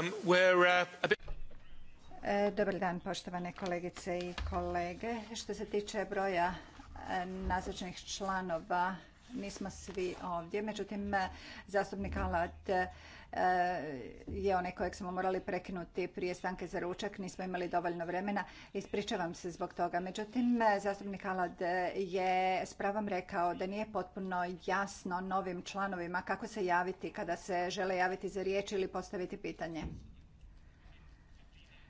Um, uh, e, dobar dan poštovane kolegice i kolege. Što se tiče broja e, nazočnih članova nismo svi ovdje. Međutim, zastupnik Alad e, je onaj kojeg smo morali prekinuti prije stanke za ručak. Nismo imali dovoljno vremena. Ispričavam se zbog toga. Međutim, zastupnik Alad je s pravom rekao da nije potpuno jasno novim članovima kako se javiti kada se žele javiti za riječ ili postaviti pitanje.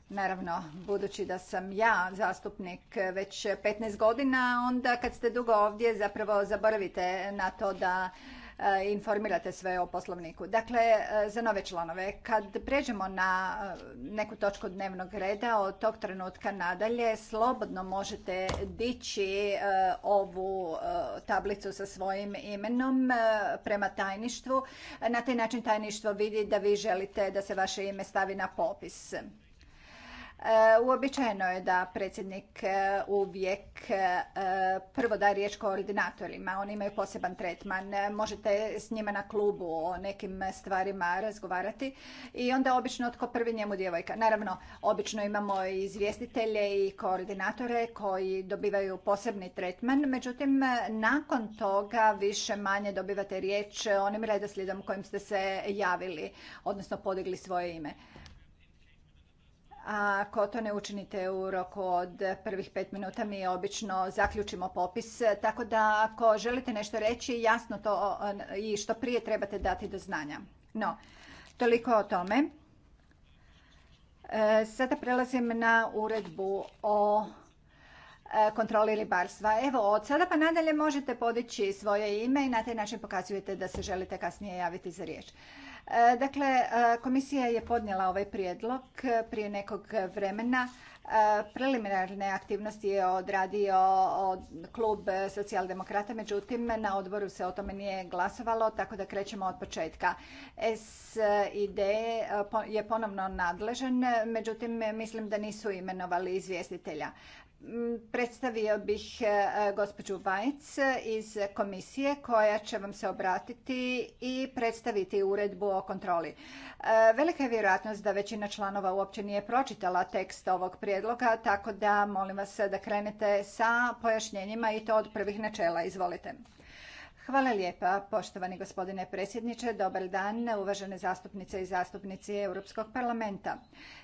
Naravno, budući da sam ja zastupnik već 15 godina, onda kad ste dugo ovdje zapravo zaboravite na to da e, informirate sve o poslovniku. Dakle, e, za nove članove, kad pređemo na e, neku točku dnevnog reda, od tog trenutka nadalje slobodno možete dići ovu tablicu sa svojim imenom prema tajništvu. Na taj način tajništvo vidi da vi želite da se vaše ime stavi na popis. E, uobičajeno je da predsjednik e, uvijek e, prvo daje riječ koordinatorima. Oni imaju poseban tretman. Možete s njima na klubu o nekim stvarima razgovarati. I onda obično tko prvi njemu djevojka. Naravno, obično imamo i izvjestitelje i koordinatore koji dobivaju posebni tretman. Međutim, nakon toga više manje dobivate riječ onim redoslijedom kojim ste se javili, odnosno podigli svoje ime. A ako to ne učinite u roku od prvih pet minuta, mi obično zaključimo popis. Tako da ako želite nešto reći, jasno to i što prije trebate dati do znanja. No, toliko o tome. E, sada prelazim na uredbu o e, kontroli ribarstva. Evo, od sada pa nadalje možete podići svoje ime i na taj način pokazujete da se želite kasnije javiti za riječ. E, dakle, e, komisija je podnijela ovaj prijedlog e, prije nekog vremena. Preliminarne aktivnosti je odradio klub socijaldemokrata, međutim na odboru se o tome nije glasovalo, tako da krećemo od početka. SID je ponovno nadležan, međutim mislim da nisu imenovali izvjestitelja. Predstavio bih e, gospođu Vajc iz komisije koja će vam se obratiti i predstaviti uredbu o kontroli. E, velika je vjerojatnost da većina članova uopće nije pročitala tekst ovog prijedloga, tako da molim vas da krenete sa pojašnjenjima i to od prvih načela. Izvolite. Hvala lijepa, poštovani gospodine predsjedniče. Dobar dan, uvažene zastupnice i zastupnici Europskog parlamenta.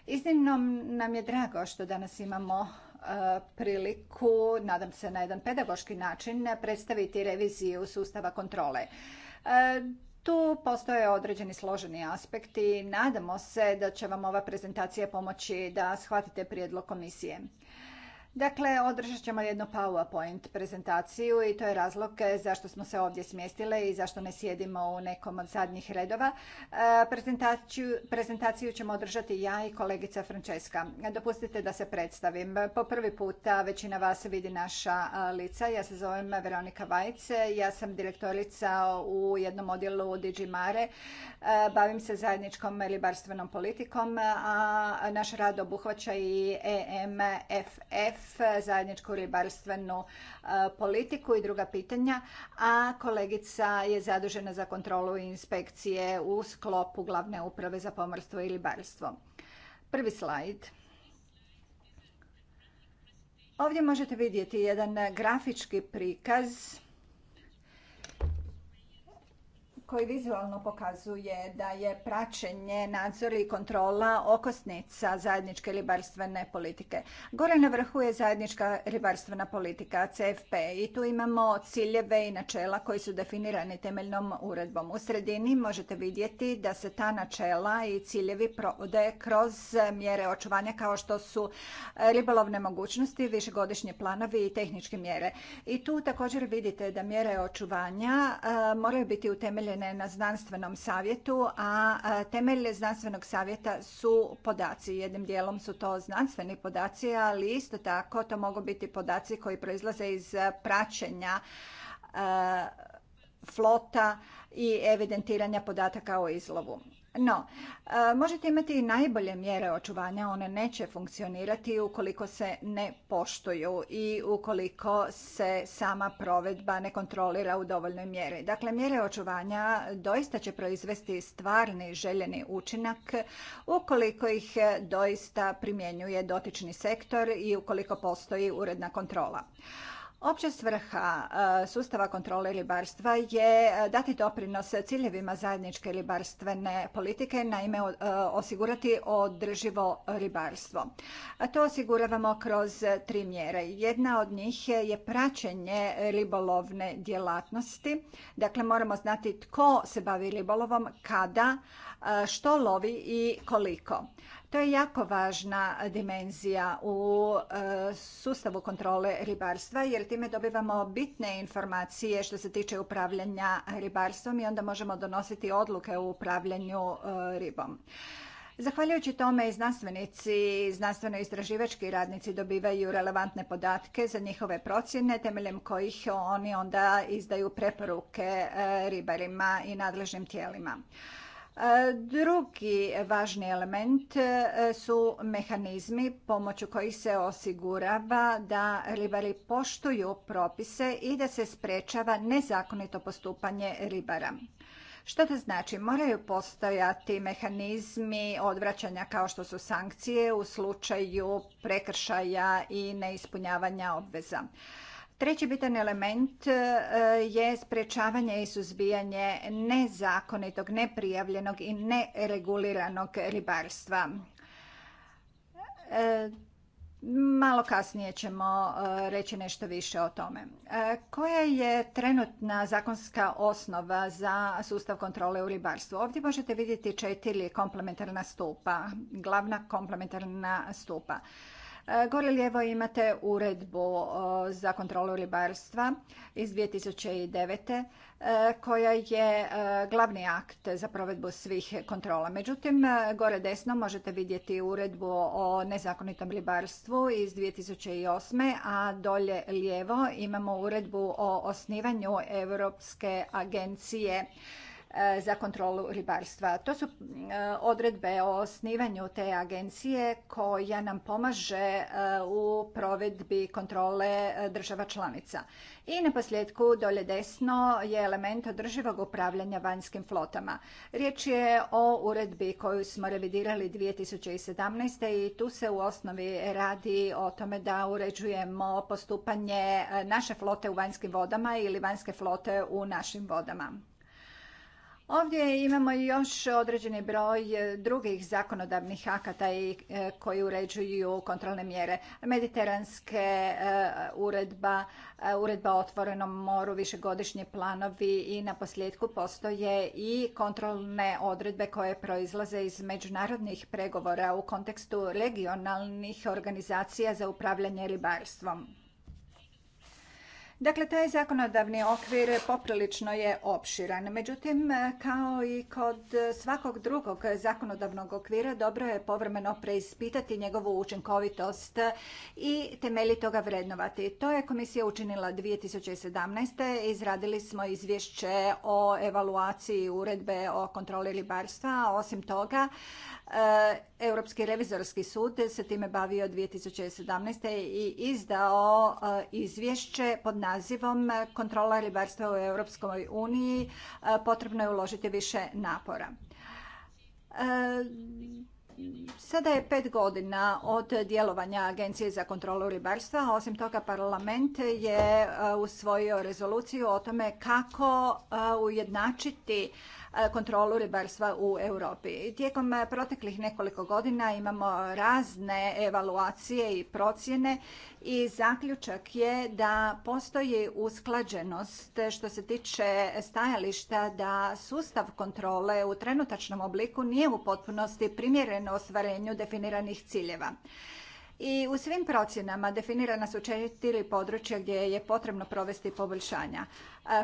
Iznimno nam je drago što danas imamo E, priliku, nadam se na jedan pedagoški način, predstaviti reviziju sustava kontrole. E, tu postoje određeni složeni aspekti. Nadamo se da će vam ova prezentacija pomoći da shvatite prijedlog komisije. Dakle, održat ćemo jednu PowerPoint prezentaciju i to je razlog e, zašto smo se ovdje smjestile i zašto ne sjedimo u nekom od zadnjih redova. E, prezentaciju, ćemo održati ja i kolegica Francesca. Dopustite da se predstavim. Po prvi puta većina vas vidi naša lica. Ja se zovem Veronika Vajce, ja sam direktorica u jednom odjelu Mare. E, bavim se zajedničkom ribarstvenom politikom, a naš rad obuhvaća i EMFF zajedničku ribarstvenu e, politiku i druga pitanja, a kolegica je zadužena za kontrolu i inspekcije u sklopu glavne uprave za pomorstvo i ribarstvo. Prvi slajd. Ovdje možete vidjeti jedan grafički prikaz koji vizualno pokazuje da je praćenje, nadzor i kontrola okosnica zajedničke ribarstvene politike. Gore na vrhu je zajednička ribarstvena politika CFP i tu imamo ciljeve i načela koji su definirani temeljnom uredbom. U sredini možete vidjeti da se ta načela i ciljevi provode kroz mjere očuvanja kao što su ribolovne mogućnosti, višegodišnje planovi i tehničke mjere. I tu također vidite da mjere očuvanja moraju biti utemeljene na znanstvenom savjetu, a temelje znanstvenog savjeta su podaci. Jednim dijelom su to znanstveni podaci, ali isto tako to mogu biti podaci koji proizlaze iz praćenja flota i evidentiranja podataka o izlovu. No, e, možete imati i najbolje mjere očuvanja, one neće funkcionirati ukoliko se ne poštuju i ukoliko se sama provedba ne kontrolira u dovoljnoj mjeri. Dakle, mjere očuvanja doista će proizvesti stvarni željeni učinak ukoliko ih doista primjenjuje dotični sektor i ukoliko postoji uredna kontrola. Opća svrha e, sustava kontrole ribarstva je e, dati doprinos ciljevima zajedničke ribarstvene politike, naime e, osigurati održivo ribarstvo. to osiguravamo kroz tri mjere. Jedna od njih je praćenje ribolovne djelatnosti. Dakle, moramo znati tko se bavi ribolovom, kada, što lovi i koliko. To je jako važna dimenzija u e, sustavu kontrole ribarstva jer time dobivamo bitne informacije što se tiče upravljanja ribarstvom i onda možemo donositi odluke o upravljanju e, ribom. Zahvaljujući tome i znanstvenici znanstveno-istraživački radnici dobivaju relevantne podatke za njihove procjene temeljem kojih oni onda izdaju preporuke e, ribarima i nadležnim tijelima. E, drugi važni element e, su mehanizmi pomoću kojih se osigurava da ribari poštuju propise i da se sprečava nezakonito postupanje ribara. Što to znači? Moraju postojati mehanizmi odvraćanja kao što su sankcije u slučaju prekršaja i neispunjavanja obveza. Treći bitan element e, je sprečavanje i suzbijanje nezakonitog, neprijavljenog i nereguliranog ribarstva. E, malo kasnije ćemo e, reći nešto više o tome. Koja je trenutna zakonska osnova za sustav kontrole u ribarstvu? Ovdje možete vidjeti četiri komplementarna stupa, glavna komplementarna stupa. E, gore lijevo imate uredbu e, za kontrolu ribarstva iz 2009. E, koja je glavni akt za provedbu svih kontrola. Međutim, gore desno možete vidjeti uredbu o nezakonitom ribarstvu iz 2008. a dolje lijevo imamo uredbu o osnivanju Europske agencije E, za kontrolu ribarstva. To su e, odredbe o osnivanju te agencije koja nam pomaže e, u provedbi kontrole država članica. I na posljedku dolje desno je element održivog upravljanja vanjskim flotama. Riječ je o uredbi koju smo revidirali 2017. i tu se u osnovi radi o tome da uređujemo postupanje naše flote u vanjskim vodama ili vanjske flote u našim vodama. Ovdje imamo još određeni broj e, drugih zakonodavnih akata e, koji uređuju kontrolne mjere. Mediteranske e, uredba, uredba o otvorenom moru, višegodišnji planovi i na posljedku postoje i kontrolne odredbe koje proizlaze iz međunarodnih pregovora u kontekstu regionalnih organizacija za upravljanje ribarstvom. Dakle, taj zakonodavni okvir poprilično je opširan. Međutim, kao i kod svakog drugog zakonodavnog okvira, dobro je povremeno preispitati njegovu učinkovitost i temeljito ga vrednovati. To je komisija učinila 2017. Izradili smo izvješće o evaluaciji uredbe o kontroli ribarstva. Osim toga, Europski revizorski sud se time bavio 2017. i izdao e, izvješće pod nazivom Kontrola ribarstva u Europskoj uniji. E, potrebno je uložiti više napora. E, sada je pet godina od djelovanja Agencije za kontrolu ribarstva. Osim toga, parlament je usvojio rezoluciju o tome kako ujednačiti E, kontrolu ribarstva u Europi. Tijekom e, proteklih nekoliko godina imamo razne evaluacije i procjene i zaključak je da postoji usklađenost što se tiče stajališta da sustav kontrole u trenutačnom obliku nije u potpunosti primjeren ostvarenju definiranih ciljeva. I u svim procjenama definirana su četiri područja gdje je potrebno provesti poboljšanja.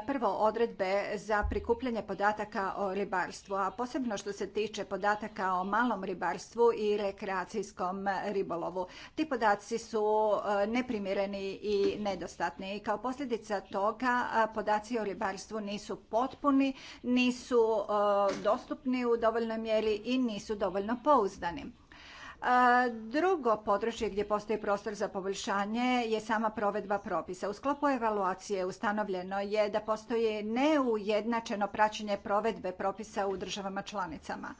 Prvo, odredbe za prikupljanje podataka o ribarstvu, a posebno što se tiče podataka o malom ribarstvu i rekreacijskom ribolovu. Ti podaci su neprimjereni i nedostatni. Kao posljedica toga podaci o ribarstvu nisu potpuni, nisu dostupni u dovoljnoj mjeri i nisu dovoljno pouzdani. Drugo područje gdje postoji prostor za poboljšanje je sama provedba propisa. U sklopu evaluacije ustanovljeno je da postoji neujednačeno praćenje provedbe propisa u državama članicama.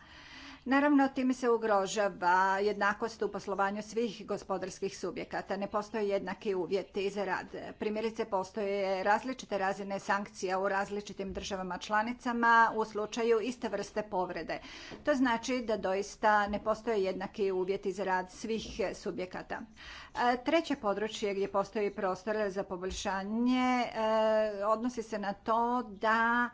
Naravno, time se ugrožava jednakost u poslovanju svih gospodarskih subjekata. Ne postoje jednaki uvjeti za rad. Primjerice, postoje različite razine sankcija u različitim državama članicama u slučaju iste vrste povrede. To znači da doista ne postoje jednaki uvjeti za rad svih subjekata. E, treće područje gdje postoji prostor za poboljšanje e, odnosi se na to da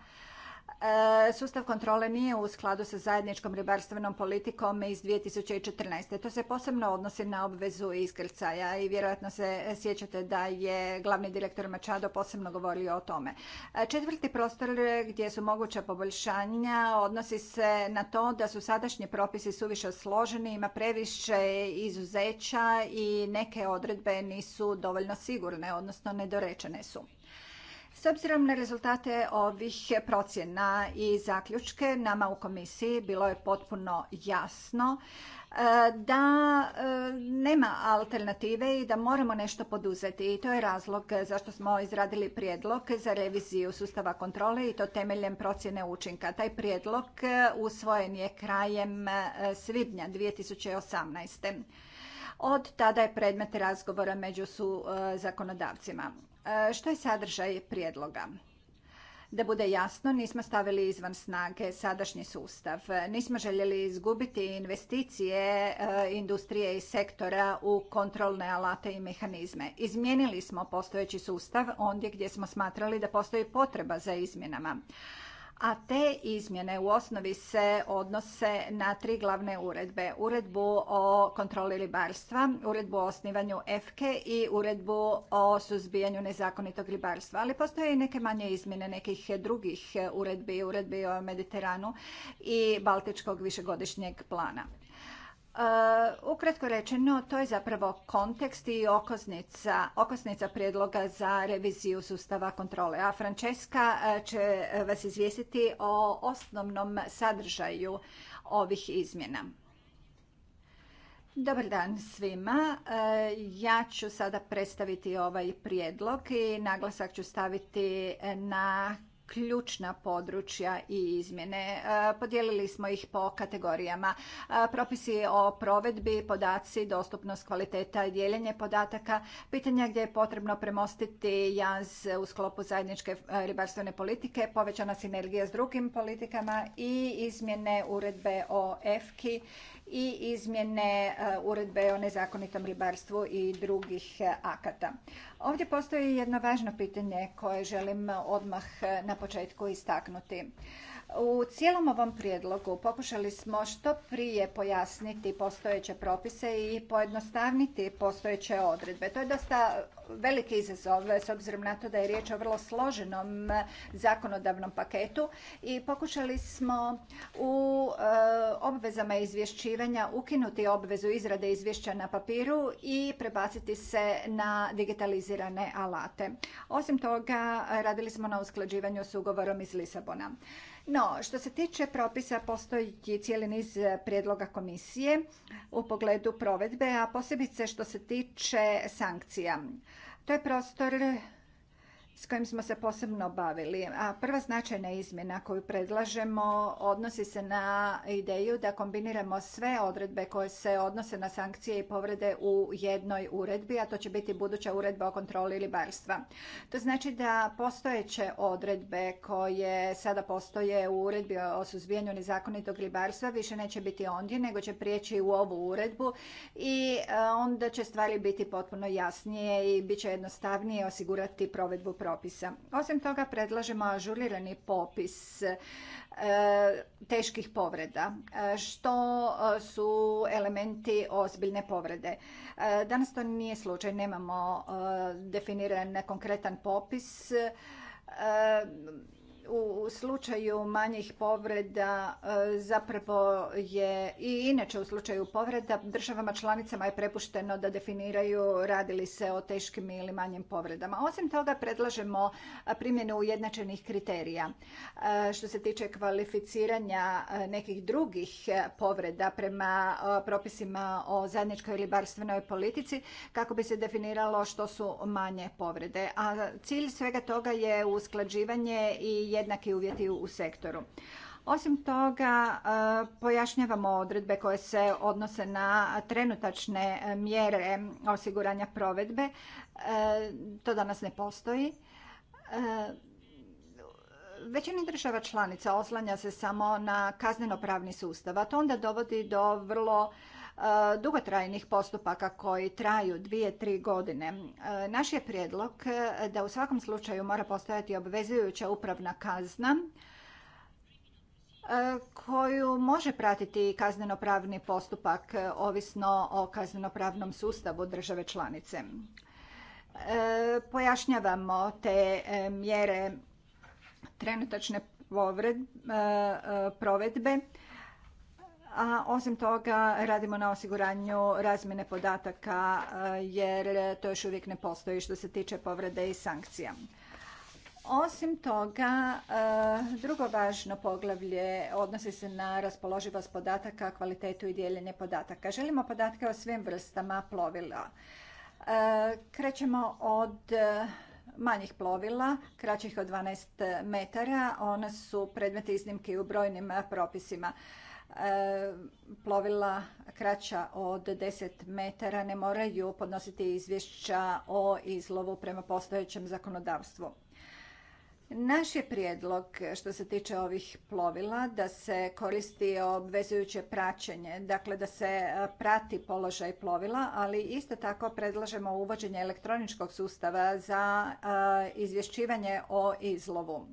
E, sustav kontrole nije u skladu sa zajedničkom ribarstvenom politikom iz 2014. To se posebno odnosi na obvezu iskrcaja i vjerojatno se sjećate da je glavni direktor Mačado posebno govorio o tome. E, četvrti prostor gdje su moguća poboljšanja odnosi se na to da su sadašnji propisi suviše složeni, ima previše izuzeća i neke odredbe nisu dovoljno sigurne, odnosno nedorečene su. S obzirom na rezultate ovih procjena i zaključke, nama u komisiji bilo je potpuno jasno e, da e, nema alternative i da moramo nešto poduzeti. I to je razlog zašto smo izradili prijedlog za reviziju sustava kontrole i to temeljem procjene učinka. Taj prijedlog e, usvojen je krajem svibnja 2018. Od tada je predmet razgovora među su e, zakonodavcima. E, što je sadržaj prijedloga? Da bude jasno, nismo stavili izvan snage sadašnji sustav. Nismo željeli izgubiti investicije e, industrije i sektora u kontrolne alate i mehanizme. Izmijenili smo postojeći sustav ondje gdje smo smatrali da postoji potreba za izmjenama a te izmjene u osnovi se odnose na tri glavne uredbe. Uredbu o kontroli ribarstva, uredbu o osnivanju EFKE i uredbu o suzbijanju nezakonitog ribarstva. Ali postoje i neke manje izmjene nekih drugih uredbi, uredbi o Mediteranu i Baltičkog višegodišnjeg plana. E, ukratko rečeno, to je zapravo kontekst i okosnica, prijedloga za reviziju sustava kontrole. A Francesca e, će vas izvijestiti o osnovnom sadržaju ovih izmjena. Dobar dan svima. E, ja ću sada predstaviti ovaj prijedlog i naglasak ću staviti na ključna područja i izmjene. E, podijelili smo ih po kategorijama. E, propisi o provedbi, podaci, dostupnost, kvaliteta i dijeljenje podataka, pitanja gdje je potrebno premostiti jaz u sklopu zajedničke e, ribarstvene politike, povećana sinergija s drugim politikama i izmjene uredbe o EFKI i izmjene e, uredbe o nezakonitom ribarstvu i drugih e, akata. Ovdje postoji jedno važno pitanje koje želim odmah e, na početku istaknuti. U cijelom ovom prijedlogu pokušali smo što prije pojasniti postojeće propise i pojednostavniti postojeće odredbe. To je dosta veliki izazov s obzirom na to da je riječ o vrlo složenom zakonodavnom paketu i pokušali smo u e, obvezama izvješćivanja ukinuti obvezu izrade izvješća na papiru i prebaciti se na digitalizirane alate. Osim toga, radili smo na usklađivanju s ugovorom iz Lisabona. No, što se tiče propisa, postoji cijeli niz prijedloga komisije u pogledu provedbe, a posebice što se tiče sankcija. To je prostor s kojim smo se posebno bavili. A prva značajna izmjena koju predlažemo odnosi se na ideju da kombiniramo sve odredbe koje se odnose na sankcije i povrede u jednoj uredbi, a to će biti buduća uredba o kontroli ribarstva. To znači da postojeće odredbe koje sada postoje u uredbi o suzbijanju nezakonitog ribarstva više neće biti ondje, nego će prijeći u ovu uredbu i e, onda će stvari biti potpuno jasnije i bit će jednostavnije osigurati provedbu propisa. Osim toga predlažemo ažurirani popis e, teških povreda, e, što e, su elementi ozbiljne povrede. Danas to nije slučaj, nemamo definiran konkretan popis u slučaju manjih povreda e, zapravo je i inače u slučaju povreda državama članicama je prepušteno da definiraju radi li se o teškim ili manjim povredama. Osim toga predlažemo e, primjenu ujednačenih kriterija. E, što se tiče kvalificiranja nekih drugih povreda prema propisima o zajedničkoj ribarstvenoj politici kako bi se definiralo što su manje povrede. A cilj svega toga je usklađivanje i jednaki uvjeti u sektoru. Osim toga, e, pojašnjavamo odredbe koje se odnose na trenutačne e, mjere osiguranja provedbe. E, to danas ne postoji. Većina država članica oslanja se samo na kazneno-pravni sustav, a to onda dovodi do vrlo E, dugotrajnih postupaka koji traju dvije, tri godine. E, naš je prijedlog da u svakom slučaju mora postojati obvezujuća upravna kazna e, koju može pratiti kaznenopravni postupak ovisno o kaznenopravnom sustavu države članice. Pojašnjavamo te mjere trenutačne provedbe a osim toga radimo na osiguranju razmjene podataka eh, jer to još uvijek ne postoji što se tiče povrede i sankcija. Osim toga, eh, drugo važno poglavlje odnosi se na raspoloživost podataka, kvalitetu i dijeljenje podataka. Želimo podatke o svim vrstama plovila. Eh, krećemo od manjih plovila, kraćih od 12 metara. Ona su predmet iznimke u brojnim propisima. E, plovila kraća od 10 metara ne moraju podnositi izvješća o izlovu prema postojećem zakonodavstvu. Naš je prijedlog što se tiče ovih plovila da se koristi obvezujuće praćenje, dakle da se e, prati položaj plovila, ali isto tako predlažemo uvođenje elektroničkog sustava za e, izvješćivanje o izlovu.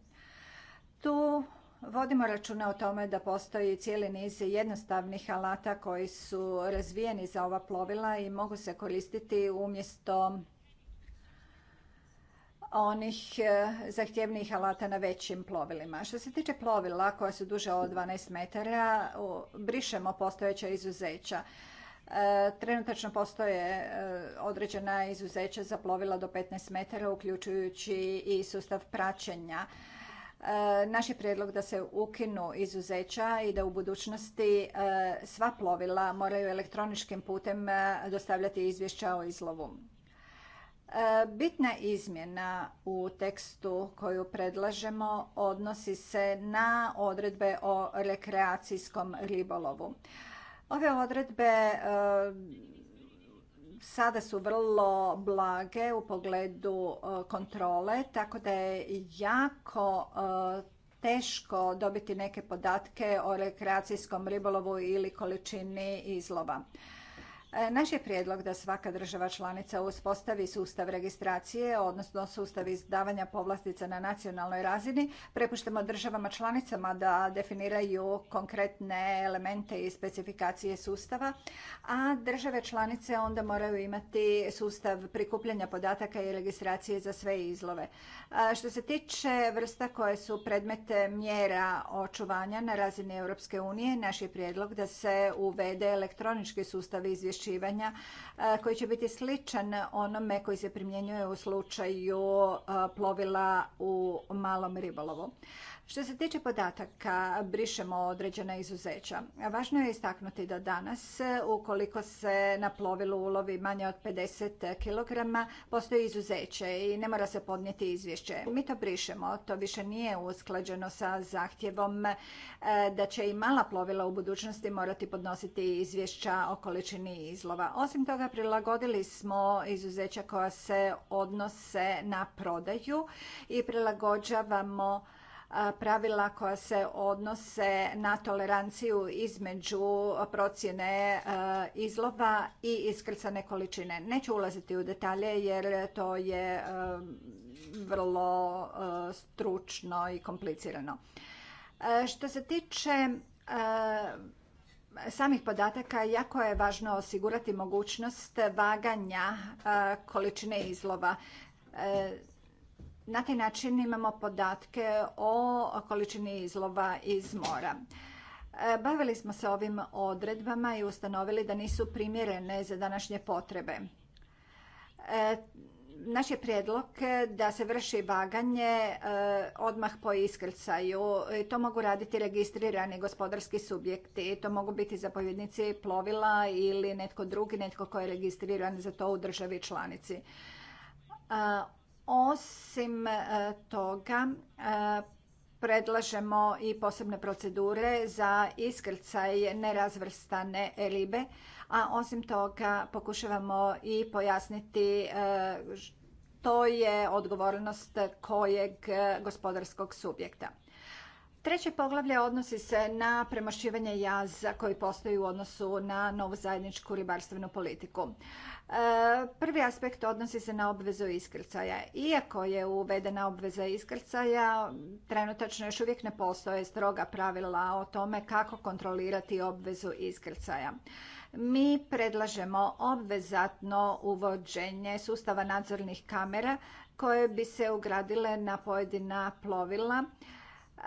Tu vodimo računa o tome da postoji cijeli niz jednostavnih alata koji su razvijeni za ova plovila i mogu se koristiti umjesto onih e, zahtjevnijih alata na većim plovilima. Što se tiče plovila koja su duže od 12 metara, brišemo postojeća izuzeća. E, trenutačno postoje e, određena izuzeća za plovila do 15 metara, uključujući i sustav praćenja E, naš je prijedlog da se ukinu izuzeća i da u budućnosti e, sva plovila moraju elektroničkim putem e, dostavljati izvješća o izlovu. Bitna izmjena u tekstu koju predlažemo odnosi se na odredbe o rekreacijskom ribolovu. Ove odredbe sada su vrlo blage u pogledu e, kontrole, tako da je jako e, teško dobiti neke podatke o rekreacijskom ribolovu ili količini izlova. E, naš je prijedlog da svaka država članica uspostavi sustav registracije, odnosno sustav izdavanja povlastica na nacionalnoj razini. Prepuštamo državama članicama da definiraju konkretne elemente i specifikacije sustava, a države članice onda moraju imati sustav prikupljanja podataka i registracije za sve izlove. E, što se tiče vrsta koje su predmete mjera očuvanja na razini Europske unije, naš je prijedlog da se uvede elektronički sustav izvješća izvješćivanja e, koji će biti sličan onome koji se primjenjuje u slučaju e, plovila u malom ribolovu. Što se tiče podataka, brišemo određena izuzeća. Važno je istaknuti da danas, ukoliko se na plovilu ulovi manje od 50 kg, postoji izuzeće i ne mora se podnijeti izvješće. Mi to brišemo, to više nije usklađeno sa zahtjevom e, da će i mala plovila u budućnosti morati podnositi izvješća o količini izlova. Osim toga, prilagodili smo izuzeća koja se odnose na prodaju i prilagođavamo pravila koja se odnose na toleranciju između procjene e, izlova i iskrcane količine. Neću ulaziti u detalje jer to je e, vrlo e, stručno i komplicirano. Što se tiče samih podataka jako je važno osigurati mogućnost vaganja količine izlova na taj način imamo podatke o količini izlova iz mora. E, bavili smo se ovim odredbama i ustanovili da nisu primjerene za današnje potrebe. E, naš je prijedlog da se vrši vaganje e, odmah po iskrcaju. To mogu raditi registrirani gospodarski subjekti. To mogu biti zapovjednici plovila ili netko drugi, netko tko je registriran za to u državi članici osim e, toga, e, predlažemo i posebne procedure za iskrcaj nerazvrstane ribe, a osim toga pokušavamo i pojasniti e, to je odgovornost kojeg gospodarskog subjekta. Treće poglavlje odnosi se na premošćivanje jaza koji postoji u odnosu na novu zajedničku ribarstvenu politiku. Prvi aspekt odnosi se na obvezu iskrcaja. Iako je uvedena obveza iskrcaja, trenutačno još uvijek ne postoje stroga pravila o tome kako kontrolirati obvezu iskrcaja. Mi predlažemo obvezatno uvođenje sustava nadzornih kamera koje bi se ugradile na pojedina plovila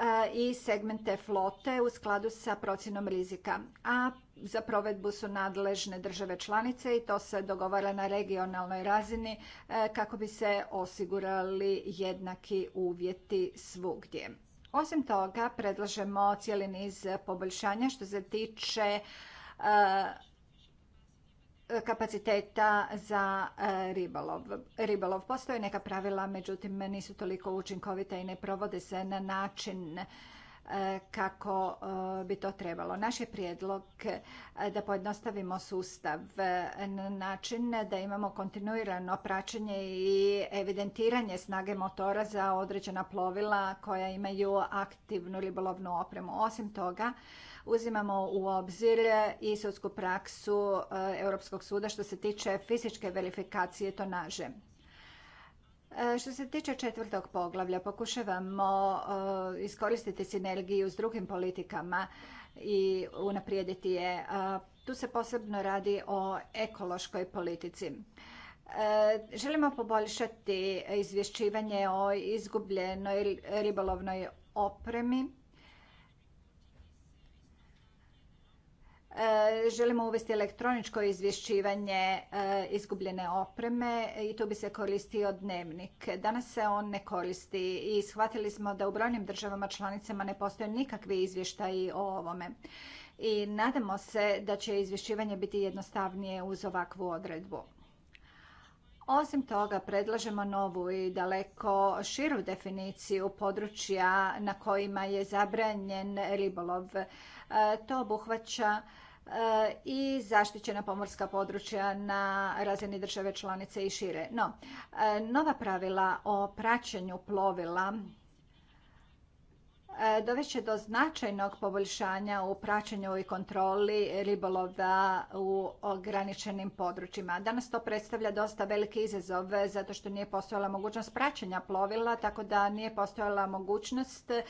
E, i segmente flote u skladu sa procjenom rizika. A za provedbu su nadležne države članice i to se dogovara na regionalnoj razini e, kako bi se osigurali jednaki uvjeti svugdje. Osim toga, predlažemo cijeli niz poboljšanja što se tiče e, E, kapaciteta za e, ribolov. ribolov. Postoje neka pravila, međutim nisu toliko učinkovita i ne provode se na način e, kako bi to trebalo. Naš je prijedlog da pojednostavimo sustav na način da imamo kontinuirano praćenje i evidentiranje snage motora za određena plovila koja imaju aktivnu ribolovnu opremu. Osim toga, uzimamo u obzir i sudsku praksu eh, Europskog suda što se tiče fizičke verifikacije tonaže. Eh, što se tiče četvrtog poglavlja, pokušavamo eh, iskoristiti sinergiju s drugim politikama i unaprijediti je. Tu se posebno radi o ekološkoj politici. Želimo poboljšati izvješćivanje o izgubljenoj ribolovnoj opremi E, želimo uvesti elektroničko izvješćivanje e, izgubljene opreme i tu bi se koristio dnevnik. Danas se on ne koristi i shvatili smo da u brojnim državama članicama ne postoje nikakvi izvještaji o ovome. I nadamo se da će izvješćivanje biti jednostavnije uz ovakvu odredbu. Osim toga, predlažemo novu i daleko širu definiciju područja na kojima je zabranjen ribolov. E, to obuhvaća i zaštićena pomorska područja na razini države članice i šire. No, e, nova pravila o praćenju plovila e, doveće do značajnog poboljšanja u praćenju i kontroli ribolova u ograničenim područjima. Danas to predstavlja dosta veliki izazov zato što nije postojala mogućnost praćenja plovila, tako da nije postojala mogućnost e,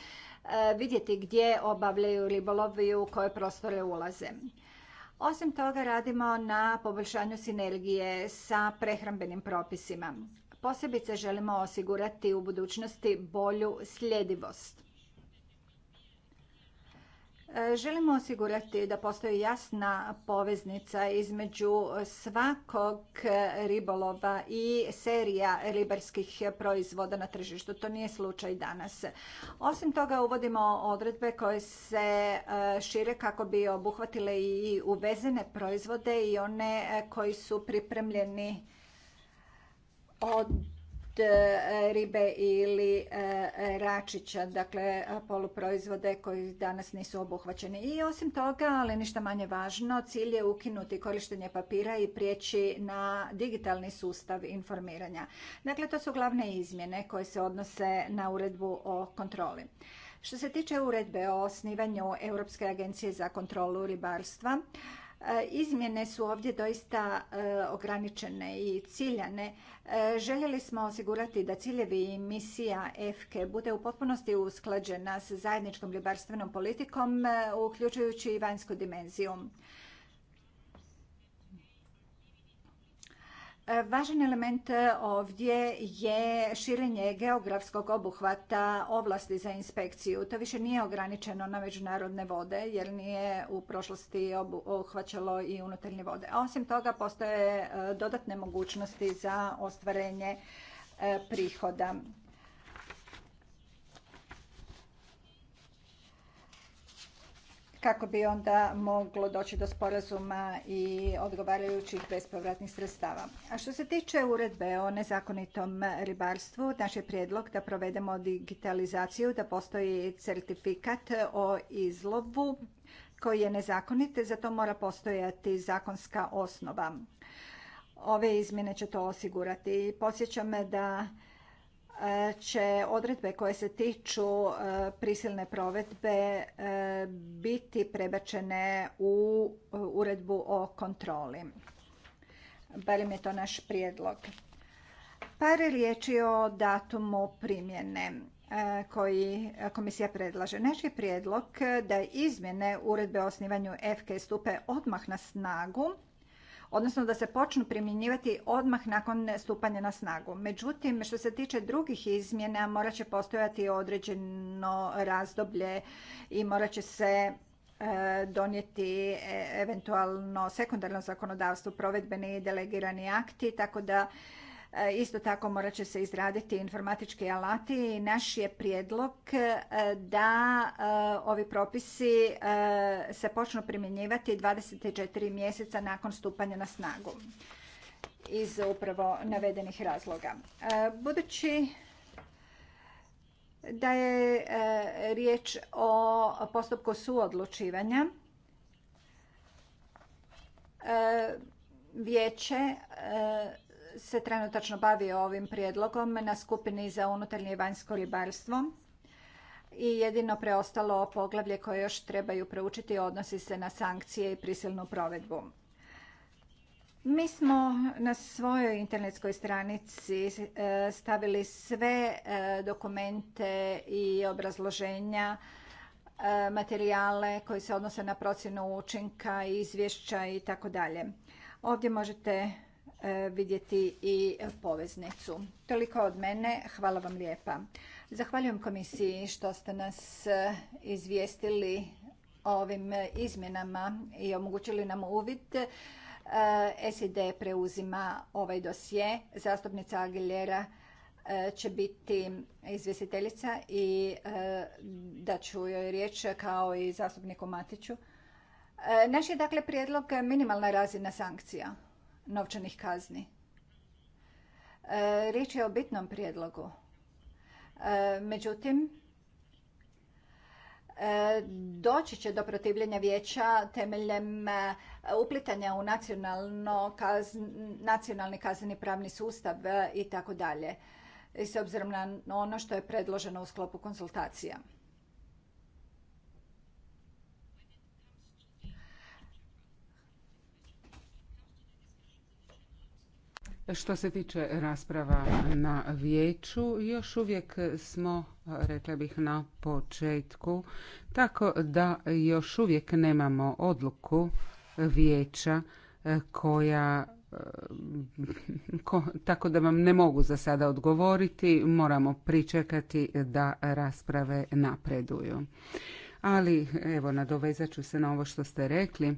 vidjeti gdje obavljaju ribolovi i u koje prostore ulaze. Osim toga radimo na poboljšanju sinergije sa prehrambenim propisima. Posebice želimo osigurati u budućnosti bolju sljedivost. Želimo osigurati da postoji jasna poveznica između svakog ribolova i serija ribarskih proizvoda na tržištu. To nije slučaj danas. Osim toga uvodimo odredbe koje se e, šire kako bi obuhvatile i uvezene proizvode i one koji su pripremljeni od E, ribe ili e, račića, dakle poluproizvode koji danas nisu obuhvaćeni. I osim toga, ali ništa manje važno, cilj je ukinuti korištenje papira i prijeći na digitalni sustav informiranja. Dakle, to su glavne izmjene koje se odnose na uredbu o kontroli. Što se tiče uredbe o osnivanju Europske agencije za kontrolu ribarstva, E, izmjene su ovdje doista e, ograničene i ciljane. E, željeli smo osigurati da ciljevi i misija EFKE bude u potpunosti usklađena s zajedničkom ribarstvenom politikom, uključujući i vanjsku dimenziju. E, važan element e, ovdje je širenje geografskog obuhvata ovlasti za inspekciju. To više nije ograničeno na međunarodne vode jer nije u prošlosti obuhvaćalo i unutarnje vode. osim toga postoje e, dodatne mogućnosti za ostvarenje prihoda. kako bi onda moglo doći do sporazuma i odgovarajućih bespovratnih sredstava. A što se tiče uredbe o nezakonitom ribarstvu, naš je prijedlog da provedemo digitalizaciju, da postoji certifikat o izlovu koji je nezakonit, za to mora postojati zakonska osnova. Ove izmjene će to osigurati. Podsjećam da će odredbe koje se tiču e, prisilne provedbe e, biti prebačene u e, uredbu o kontroli. Barem je to naš prijedlog. Par riječi o datumu primjene koji komisija predlaže. Naš je prijedlog da izmjene uredbe o osnivanju FK stupe odmah na snagu odnosno da se počnu primjenjivati odmah nakon stupanja na snagu. Međutim, što se tiče drugih izmjena, morat će postojati određeno razdoblje i morat će se e, donijeti e, eventualno sekundarno zakonodavstvo, provedbeni i delegirani akti, tako da E, isto tako morat će se izraditi informatički alati i naš je prijedlog e, da e, ovi propisi se počnu primjenjivati 24 mjeseca nakon stupanja na snagu iz upravo navedenih razloga. Budući da je riječ o postupku suodlučivanja, vijeće se trenutačno bavi ovim prijedlogom na skupini za unutarnje i vanjsko ribarstvo i jedino preostalo poglavlje koje još trebaju proučiti odnosi se na sankcije i prisilnu provedbu. Mi smo na svojoj internetskoj stranici e, stavili sve e, dokumente i obrazloženja, e, materijale koji se odnose na procjenu učinka, izvješća i tako dalje. Ovdje možete E, vidjeti i poveznicu. Toliko od mene. Hvala vam lijepa. Zahvaljujem komisiji što ste nas e, izvijestili o ovim izmjenama i omogućili nam uvid. E, SID preuzima ovaj dosje. Zastupnica Aguilera će biti izvjestiteljica i da ću joj riječ kao i zastupniku Matiću. Naš je dakle prijedlog minimalna razina sankcija novčanih kazni. E, riječ je o bitnom prijedlogu. E, međutim, e, doći će do protivljenja vijeća temeljem uplitanja u nacionalni kazneni pravni sustav i tako dalje. I s obzirom na ono što je predloženo u sklopu konsultacija. Što se tiče rasprava na vijeću, još uvijek smo, rekla bih, na početku, tako da još uvijek nemamo odluku vijeća e, koja e, tako da vam ne mogu za sada odgovoriti, moramo pričekati da rasprave napreduju ali evo nadovezat ću se na ovo što ste rekli.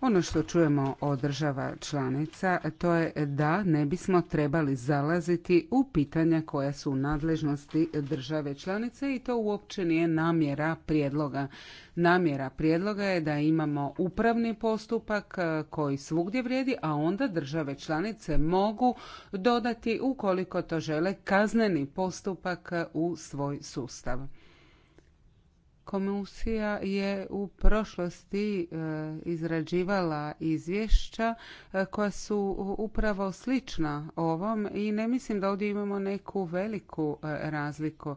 Ono što čujemo od država članica to je da ne bismo trebali zalaziti u pitanja koja su u nadležnosti države članice i to uopće nije namjera prijedloga. Namjera prijedloga je da imamo upravni postupak e, koji svugdje vrijedi, a onda države članice mogu dodati ukoliko to žele kazneni postupak u svoj sustav. Komisija je u prošlosti e, izrađivala izvješća e, koja su upravo slična ovom i ne mislim da ovdje imamo neku veliku e, razliku.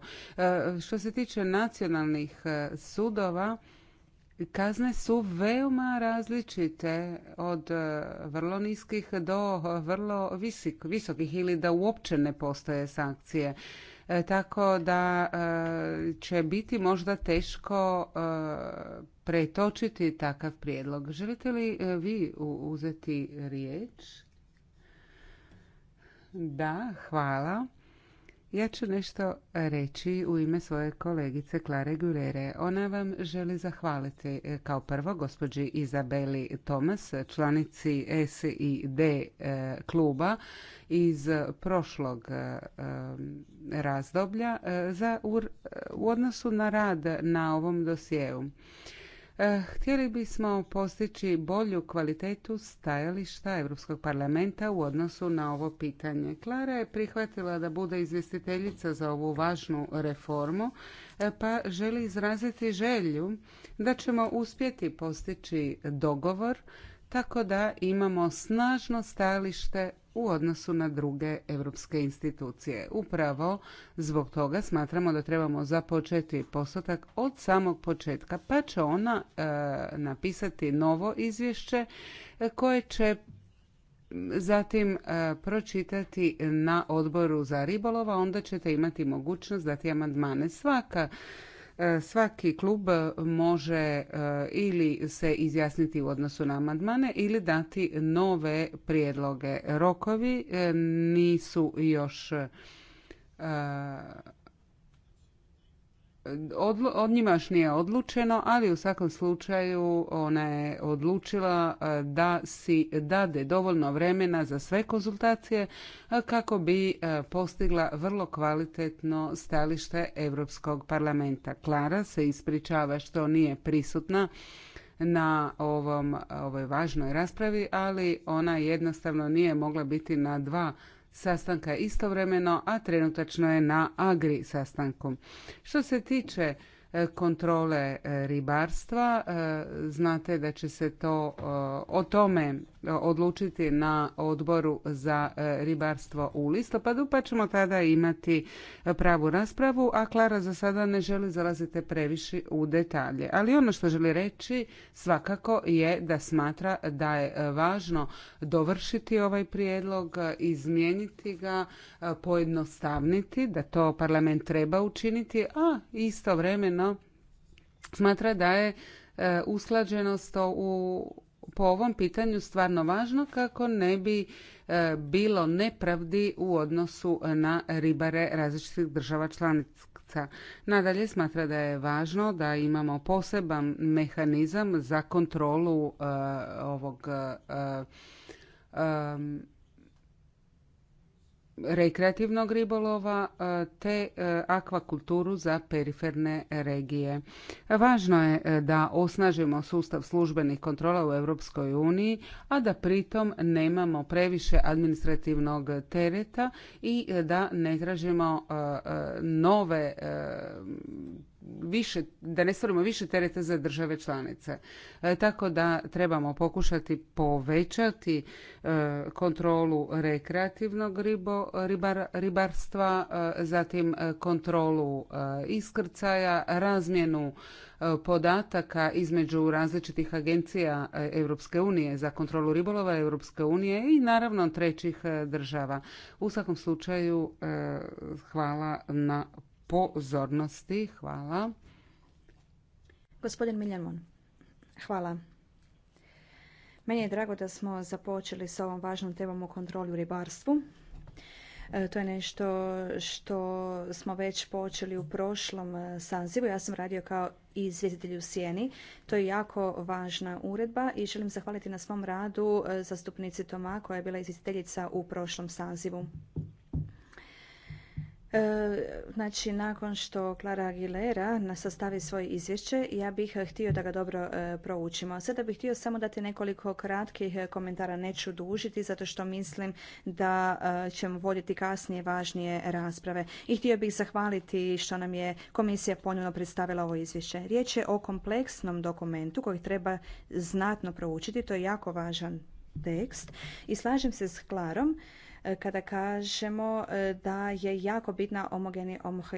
Što se tiče nacionalnih sudova, Kazne su veoma različite od vrlo niskih do vrlo visokih ili da uopće ne postoje sankcije. E, tako da e, će biti možda teško e, pretočiti takav prijedlog. Želite li vi uzeti riječ? Da, hvala. Ja ću nešto reći u ime svoje kolegice Klare Gulere. Ona vam želi zahvaliti e, kao prvo gospođi Izabeli Tomas, članici S e, kluba iz prošlog e, razdoblja za, u odnosu na rad na ovom dosjeu. E, htjeli bismo postići bolju kvalitetu stajališta Europskog parlamenta u odnosu na ovo pitanje. Klara je prihvatila da bude izvjestiteljica za ovu važnu reformu, e, pa želi izraziti želju da ćemo uspjeti postići dogovor tako da imamo snažno stajalište u odnosu na druge europske institucije. Upravo zbog toga smatramo da trebamo započeti postotak od samog početka, pa će ona e, napisati novo izvješće e, koje će zatim e, pročitati na odboru za ribolova, onda ćete imati mogućnost dati amandmane. Svaka E, svaki klub e, može e, ili se izjasniti u odnosu na amandmane ili dati nove prijedloge. Rokovi nisu još od njima još nije odlučeno, ali u svakom slučaju ona je odlučila e, da si dade dovoljno vremena za sve konzultacije kako bi e, postigla vrlo kvalitetno stajalište Europskog parlamenta. Klara se ispričava što nije prisutna na ovom, ovoj važnoj raspravi, ali ona jednostavno nije mogla biti na dva sastanka istovremeno, a trenutačno je na Agri sastanku. Što se tiče E, kontrole e, ribarstva. E, znate da će se to o tome odlučiti na odboru za ribarstvo u listopadu, pa ćemo tada imati pravu raspravu, a Klara za sada ne želi zalaziti previše u detalje. Ali ono što želi reći svakako je da smatra da je važno dovršiti ovaj prijedlog, izmijeniti ga, pojednostavniti, da to parlament treba učiniti, a istovremeno smatra da je e, usklađenost u po ovom pitanju stvarno važno kako ne bi e, bilo nepravdi u odnosu na ribare različitih država članica. Nadalje smatra da je važno da imamo poseban mehanizam za kontrolu e, ovog rekreativnog ribolova e, te e, akvakulturu za periferne regije. Važno je e, da osnažimo sustav službenih kontrola u Europskoj uniji, a da pritom nemamo previše administrativnog tereta i da ne tražimo nove više, da ne stvorimo više tereta za države članice. E, tako da trebamo pokušati povećati e, kontrolu rekreativnog ribo, ribarstva, e, zatim kontrolu iskrcaja, razmjenu podataka između različitih agencija Europske unije za kontrolu ribolova Europske unije i naravno trećih država. U svakom slučaju hvala na pozornosti. Hvala. Gospodin Miljanon, Hvala. Meni je drago da smo započeli s ovom važnom temom o kontroli u ribarstvu. E, to je nešto što smo već počeli u prošlom e, sazivu. Ja sam radio kao izvjestitelj u Sjeni. To je jako važna uredba i želim zahvaliti na svom radu e, zastupnici Toma koja je bila izvjestiteljica u prošlom sazivu. E, znači, nakon što Klara Aguilera na sastavi svoje izvješće, ja bih e, htio da ga dobro e, proučimo. Sada bih htio samo dati nekoliko kratkih komentara, neću dužiti, zato što mislim da ćemo voditi kasnije važnije rasprave. I htio bih zahvaliti što nam je komisija ponovno predstavila ovo izvješće. Riječ je o kompleksnom dokumentu koji treba znatno proučiti, to je jako važan tekst. I slažem se s Klarom kada kažemo e, da je jako bitna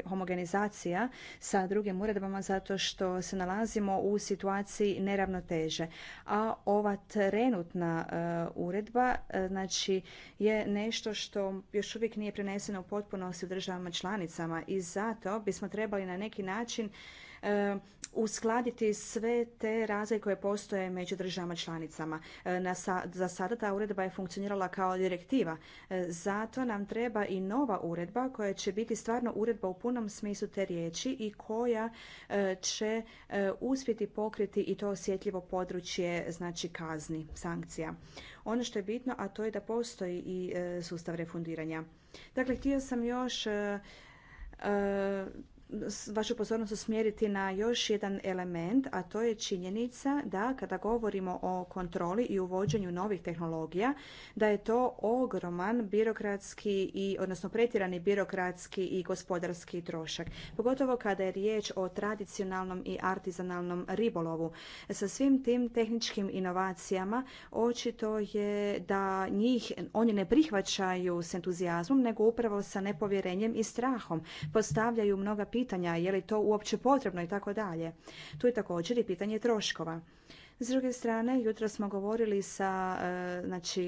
homogenizacija sa drugim uredbama zato što se nalazimo u situaciji neravnoteže. A ova trenutna e, uredba e, znači, je nešto što još uvijek nije preneseno u potpunosti u državama članicama i zato bismo trebali na neki način uskladiti sve te razlike koje postoje među državama članicama. E, za sada ta uredba je funkcionirala kao direktiva. E, zato nam treba i nova uredba koja će biti stvarno uredba u punom smislu te riječi i koja e, će uspjeti pokriti i to osjetljivo područje znači kazni, sankcija. Ono što je bitno, a to je da postoji i sustav refundiranja. Dakle, htio sam još vašu pozornost usmjeriti na još jedan element, a to je činjenica da kada govorimo o kontroli i uvođenju novih tehnologija, da je to ogroman birokratski i odnosno pretjerani birokratski i gospodarski trošak. Pogotovo kada je riječ o tradicionalnom i artizanalnom ribolovu. Sa svim tim tehničkim inovacijama očito je da njih oni ne prihvaćaju s entuzijazmom, nego upravo sa nepovjerenjem i strahom. Postavljaju mnoga pitanja pitanja je li to uopće potrebno i tako dalje. Tu je također i pitanje troškova. S druge strane, jutro smo govorili sa e, znači,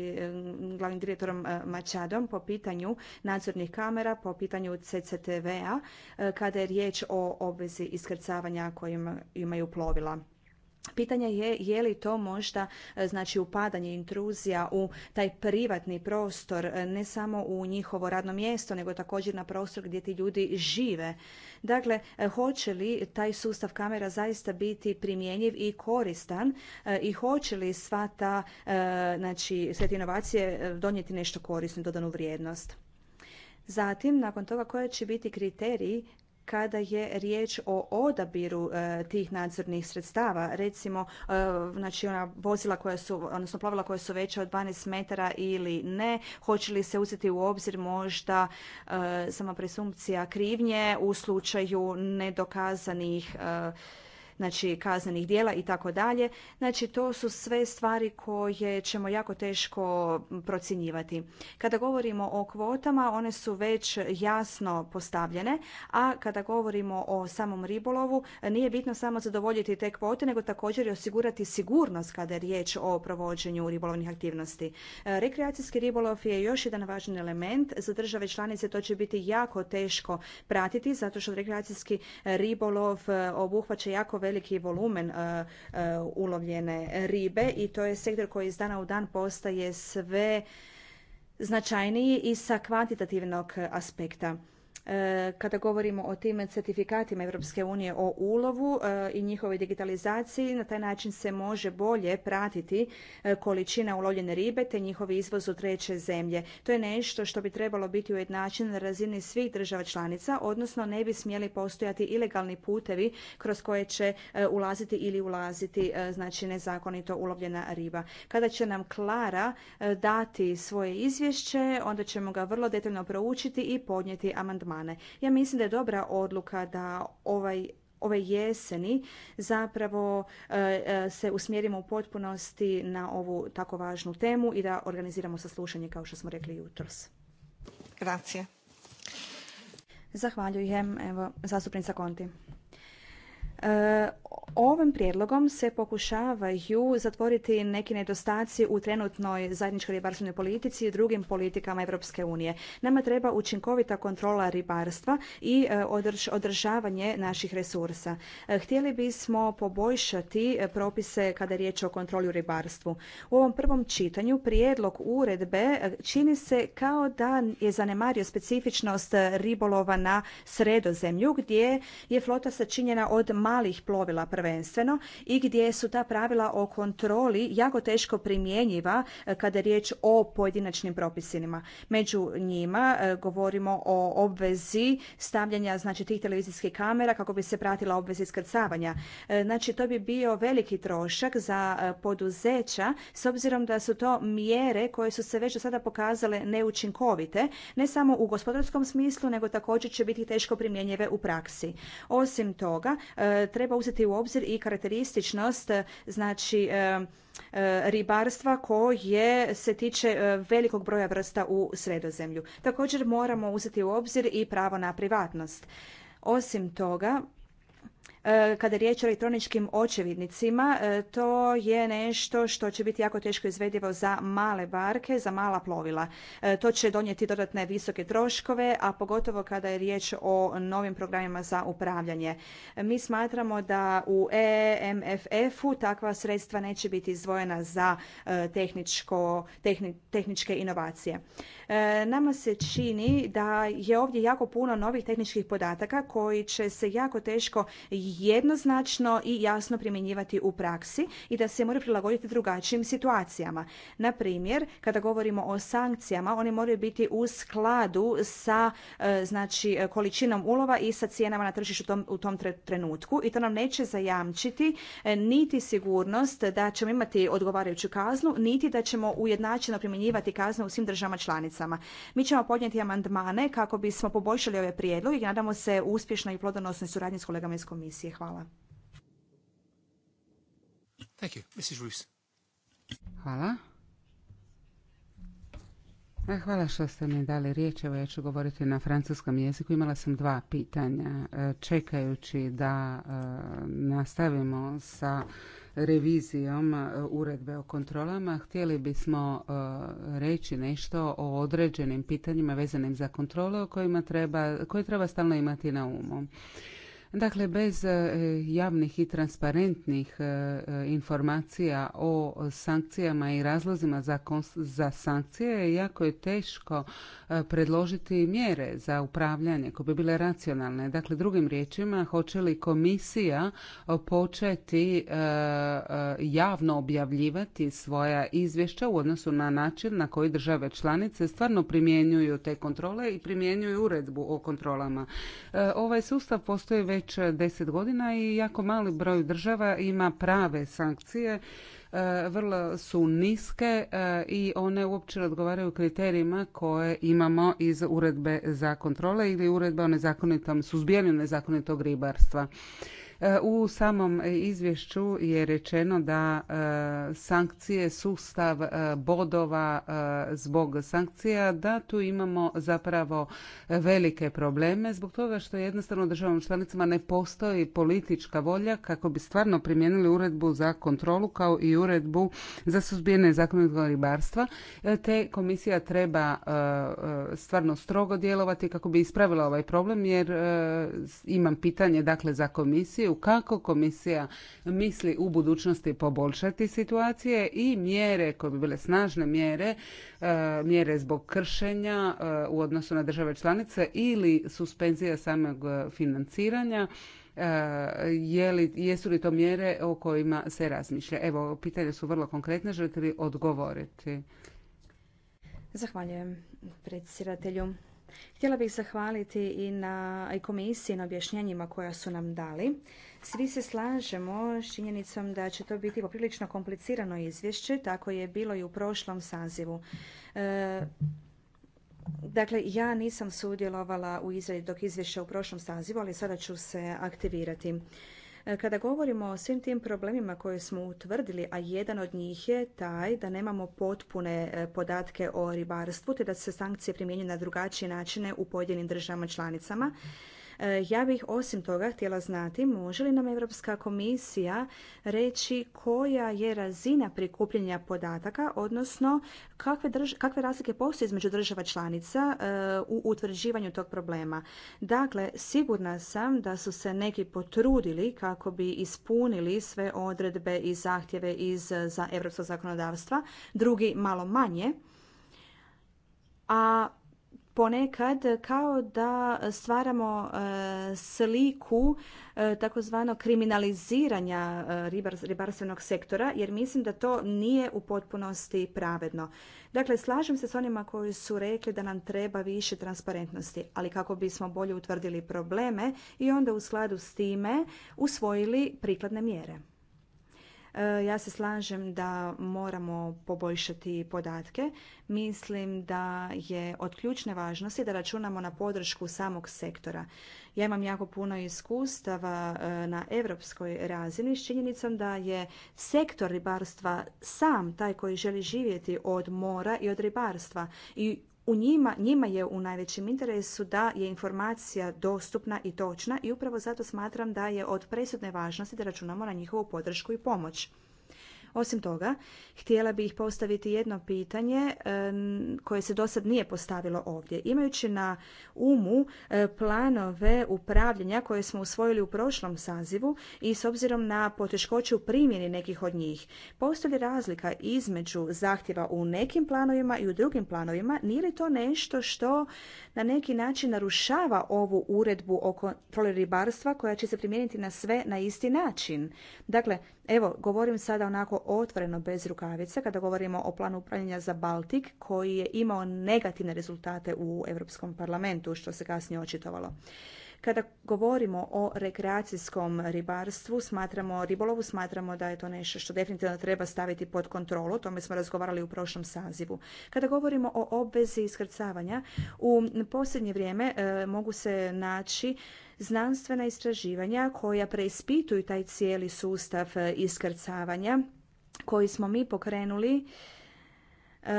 glavnim direktorom e, Mačadom po pitanju nadzornih kamera, po pitanju CCTV-a, e, kada je riječ o obvezi iskrcavanja kojim imaju plovila. Pitanje je je li to možda e, znači upadanje intruzija u taj privatni prostor, e, ne samo u njihovo radno mjesto, nego također na prostor gdje ti ljudi žive. Dakle, e, hoće li taj sustav kamera zaista biti primjenjiv i koristan i hoće li sva ta, znači, sve te inovacije donijeti nešto korisno, dodanu vrijednost? Zatim, nakon toga, koje će biti kriteriji kada je riječ o odabiru e, tih nadzornih sredstava, recimo e, znači ona vozila koja su, odnosno plovila koja su veća od 12 metara ili ne, hoće li se uzeti u obzir možda e, sama presumpcija krivnje u slučaju nedokazanih znači kaznenih dijela i tako dalje. Znači to su sve stvari koje ćemo jako teško procjenjivati. Kada govorimo o kvotama, one su već jasno postavljene, a kada govorimo o samom ribolovu, nije bitno samo zadovoljiti te kvote, nego također i osigurati sigurnost kada je riječ o provođenju ribolovnih aktivnosti. E, rekreacijski ribolov je još jedan važan element. Za države članice to će biti jako teško pratiti, zato što rekreacijski ribolov e, obuhvaća jako veliko veliki volumen e, e, ulovljene ribe i to je sektor koji iz dana u dan postaje sve značajniji i sa kvantitativnog aspekta. E, kada govorimo o tim certifikatima Europske unije o ulovu e, i njihovoj digitalizaciji, na taj način se može bolje pratiti e, količina ulovljene ribe te njihov izvoz u treće zemlje. To je nešto što bi trebalo biti ujednačen na razini svih država članica, odnosno ne bi smjeli postojati ilegalni putevi kroz koje će ulaziti ili ulaziti znači nezakonito ulovljena riba. Kada će nam Klara dati svoje izvješće, onda ćemo ga vrlo detaljno proučiti i podnijeti amandman ja mislim da je dobra odluka da ovaj ove jeseni zapravo e, e, se usmjerimo u potpunosti na ovu tako važnu temu i da organiziramo saslušanje kao što smo rekli jutros. Grazie. Zahvaljujem, evo, zastupnica Konti. E, ovim prijedlogom se pokušavaju zatvoriti neki nedostaci u trenutnoj zajedničkoj ribarstvenoj politici i drugim politikama Europske unije. Nama treba učinkovita kontrola ribarstva i e, održavanje naših resursa. E, htjeli bismo poboljšati propise kada je riječ o kontroli u ribarstvu. U ovom prvom čitanju prijedlog uredbe čini se kao da je zanemario specifičnost ribolova na sredozemlju gdje je flota sačinjena od malih plovila prvenstveno i gdje su ta pravila o kontroli jako teško primjenjiva e, kada je riječ o pojedinačnim propisima. Među njima e, govorimo o obvezi stavljanja znači tih televizijskih kamera kako bi se pratila obveza iskrcavanja. E, znači to bi bio veliki trošak za poduzeća s obzirom da su to mjere koje su se već do sada pokazale neučinkovite, ne samo u gospodarskom smislu, nego također će biti teško primjenjive u praksi. Osim toga, treba uzeti u obzir i karakterističnost e, znači e, e, ribarstva koje se tiče velikog broja vrsta u sredozemlju. Također moramo uzeti u obzir i pravo na privatnost. Osim toga, E, kada je riječ o elektroničkim očevidnicima, e, to je nešto što će biti jako teško izvedivo za male barke, za mala plovila. E, to će donijeti dodatne visoke troškove, a pogotovo kada je riječ o novim programima za upravljanje. Mi smatramo da u EMFF-u takva sredstva neće biti izdvojena za tehničko, tehničke inovacije. Nama se čini da je ovdje jako puno novih tehničkih podataka koji će se jako teško jednoznačno i jasno primjenjivati u praksi i da se moraju prilagoditi drugačijim situacijama. Na primjer, kada govorimo o sankcijama, one moraju biti u skladu sa e, znači, količinom ulova i sa cijenama na tržištu u tom trenutku i to nam neće zajamčiti e, niti sigurnost da ćemo imati odgovarajuću kaznu, niti da ćemo ujednačeno primjenjivati kazne u svim državama članicama. Mi ćemo podnijeti amandmane kako bismo poboljšali ove prijedloge i nadamo se uspješnoj i plodonosnoj suradnji s kolegama iz komisije komisije. Hvala. Hvala. E, hvala što ste mi dali riječ. Evo ja ću govoriti na francuskom jeziku. Imala sam dva pitanja. E, čekajući da e, nastavimo sa revizijom uredbe o kontrolama, htjeli bismo reći nešto o određenim pitanjima vezanim za kontrole treba, koje treba stalno imati na umu. Dakle, bez e, javnih i transparentnih e, e, informacija o sankcijama i razlozima za sankcije, jako je teško predložiti mjere za upravljanje koje bi bile racionalne. Dakle, drugim riječima, hoće li komisija početi javno objavljivati svoja izvješća u odnosu na način na koji države članice stvarno primjenjuju te kontrole i primjenjuju uredbu o kontrolama. Ovaj sustav postoji već već deset godina i jako mali broj država ima prave sankcije e, vrlo su niske e, i one uopće odgovaraju kriterijima koje imamo iz uredbe za kontrole ili uredbe o nezakonitom suzbijanju nezakonitog ribarstva. U samom izvješću je rečeno da e, sankcije, sustav e, bodova e, zbog sankcija, da tu imamo zapravo velike probleme zbog toga što jednostavno državom članicama ne postoji politička volja kako bi stvarno primijenili uredbu za kontrolu kao i uredbu za suzbijanje nezakonitog ribarstva, te komisija treba stvarno strogo djelovati kako bi ispravila ovaj problem jer imam pitanje dakle za komisiju kako komisija misli u budućnosti poboljšati situacije i mjere koje bi bile snažne mjere, e, mjere zbog kršenja e, u odnosu na države članice ili suspenzija samog financiranja e, je li, jesu li to mjere o kojima se razmišlja? Evo, pitanja su vrlo konkretna, želite li odgovoriti? Zahvaljujem predsjedatelju. Htjela bih zahvaliti i na i komisiji na objašnjenjima koja su nam dali. Svi se slažemo s činjenicom da će to biti poprilično komplicirano izvješće, tako je bilo i u prošlom sazivu. E, dakle, ja nisam sudjelovala u izradi dok izvješća u prošlom sazivu, ali sada ću se aktivirati. E, kada govorimo o svim tim problemima koje smo utvrdili, a jedan od njih je taj da nemamo potpune e, podatke o ribarstvu te da se sankcije primjenjuju na drugačije načine u pojedinim državama članicama, E, ja bih osim toga htjela znati može li nam Europska komisija reći koja je razina prikupljanja podataka, odnosno kakve, drž kakve razlike postoje između država članica e, u utvrđivanju tog problema. Dakle, sigurna sam da su se neki potrudili kako bi ispunili sve odredbe i zahtjeve iz za europskog zakonodavstva, drugi malo manje. A ponekad kao da stvaramo e, sliku e, takozvano kriminaliziranja e, ribarstvenog sektora jer mislim da to nije u potpunosti pravedno. Dakle, slažem se s onima koji su rekli da nam treba više transparentnosti, ali kako bismo bolje utvrdili probleme i onda u skladu s time usvojili prikladne mjere. E, ja se slažem da moramo poboljšati podatke. Mislim da je od ključne važnosti da računamo na podršku samog sektora. Ja imam jako puno iskustava e, na europskoj razini s činjenicom da je sektor ribarstva sam taj koji želi živjeti od mora i od ribarstva i u njima, njima je u najvećem interesu da je informacija dostupna i točna i upravo zato smatram da je od presudne važnosti da računamo na njihovu podršku i pomoć. Osim toga, htjela bih postaviti jedno pitanje koje se do sad nije postavilo ovdje. Imajući na umu e, planove upravljanja koje smo usvojili u prošlom sazivu i s obzirom na poteškoću u primjeni nekih od njih, postoji razlika između zahtjeva u nekim planovima i u drugim planovima? Nije li to nešto što na neki način narušava ovu uredbu o kontroli ribarstva koja će se primijeniti na sve na isti način? Dakle, Evo, govorim sada onako otvoreno bez rukavice kada govorimo o planu upravljanja za Baltik koji je imao negativne rezultate u Europskom parlamentu što se kasnije očitovalo. Kada govorimo o rekreacijskom ribarstvu, smatramo, ribolovu smatramo da je to nešto što definitivno treba staviti pod kontrolu. O tome smo razgovarali u prošlom sazivu. Kada govorimo o obvezi iskrcavanja, u posljednje vrijeme e, mogu se naći znanstvena istraživanja koja preispituju taj cijeli sustav e, iskrcavanja koji smo mi pokrenuli E,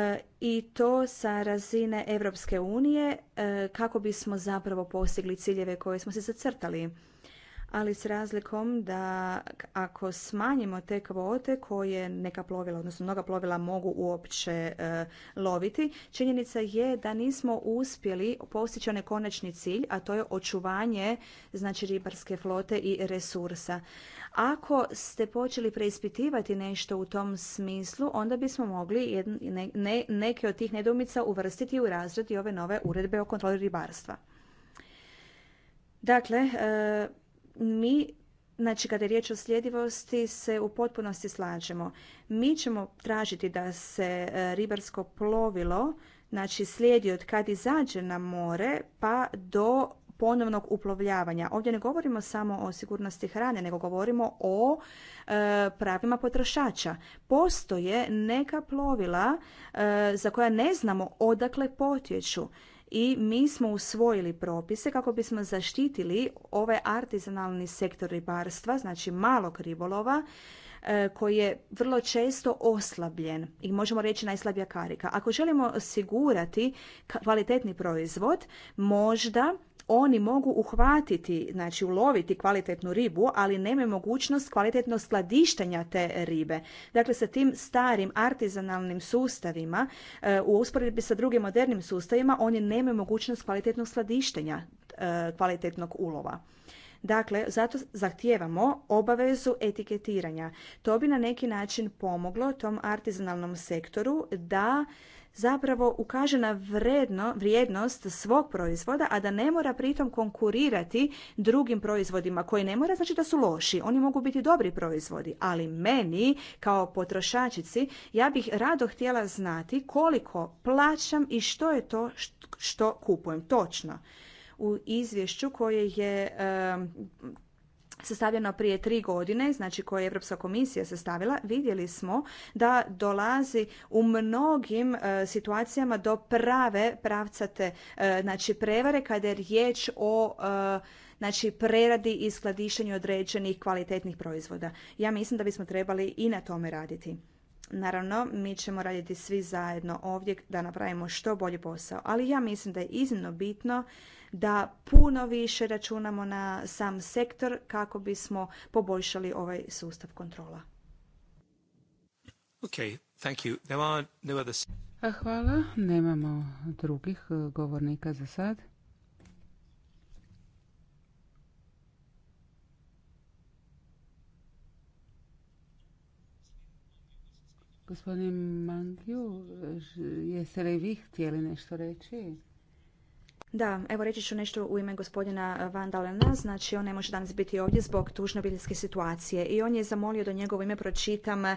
i to sa razine Europske unije e, kako bismo zapravo postigli ciljeve koje smo se zacrtali ali s razlikom da ako smanjimo te kvote koje neka plovila, odnosno mnoga plovila mogu uopće e, loviti, činjenica je da nismo uspjeli postići onaj konačni cilj, a to je očuvanje znači ribarske flote i resursa. Ako ste počeli preispitivati nešto u tom smislu, onda bismo mogli neke od tih nedoumica uvrstiti u razred ove nove uredbe o kontroli ribarstva. Dakle, e, mi Znači, kada je riječ o sljedivosti, se u potpunosti slažemo. Mi ćemo tražiti da se e, ribarsko plovilo znači, slijedi od kad izađe na more pa do ponovnog uplovljavanja. Ovdje ne govorimo samo o sigurnosti hrane, nego govorimo o e, pravima potrošača. Postoje neka plovila e, za koja ne znamo odakle potječu i mi smo usvojili propise kako bismo zaštitili ovaj artizanalni sektor ribarstva, znači malog ribolova, e, koji je vrlo često oslabljen i možemo reći najslabija karika. Ako želimo osigurati kvalitetni proizvod, možda oni mogu uhvatiti, znači uloviti kvalitetnu ribu, ali nemaju mogućnost kvalitetno skladištenja te ribe. Dakle, sa tim starim artizanalnim sustavima, e, u usporedbi sa drugim modernim sustavima, oni nemaju mogućnost kvalitetnog skladištenja e, kvalitetnog ulova. Dakle, zato zahtijevamo obavezu etiketiranja. To bi na neki način pomoglo tom artizanalnom sektoru da zapravo ukaže na vredno, vrijednost svog proizvoda, a da ne mora pritom konkurirati drugim proizvodima koji ne mora znači da su loši. Oni mogu biti dobri proizvodi, ali meni kao potrošačici ja bih rado htjela znati koliko plaćam i što je to što kupujem točno u izvješću koje je sastavljeno prije tri godine, znači koje je Europska komisija sastavila, vidjeli smo da dolazi u mnogim e, situacijama do prave pravcate e, znači prevare kada je riječ o e, znači preradi i skladištenju određenih kvalitetnih proizvoda. Ja mislim da bismo trebali i na tome raditi. Naravno, mi ćemo raditi svi zajedno ovdje da napravimo što bolji posao, ali ja mislim da je iznimno bitno da puno više računamo na sam sektor kako bismo poboljšali ovaj sustav kontrola. Okay, thank you. There are no other... Hvala, nemamo drugih e, govornika za sad. Gospodin Mangiju, e, jeste li vi htjeli nešto reći? Da, evo reći ću nešto u ime gospodina Van Dalena. Znači, on ne može danas biti ovdje zbog tužne situacije. I on je zamolio da njegovo ime pročitam, e,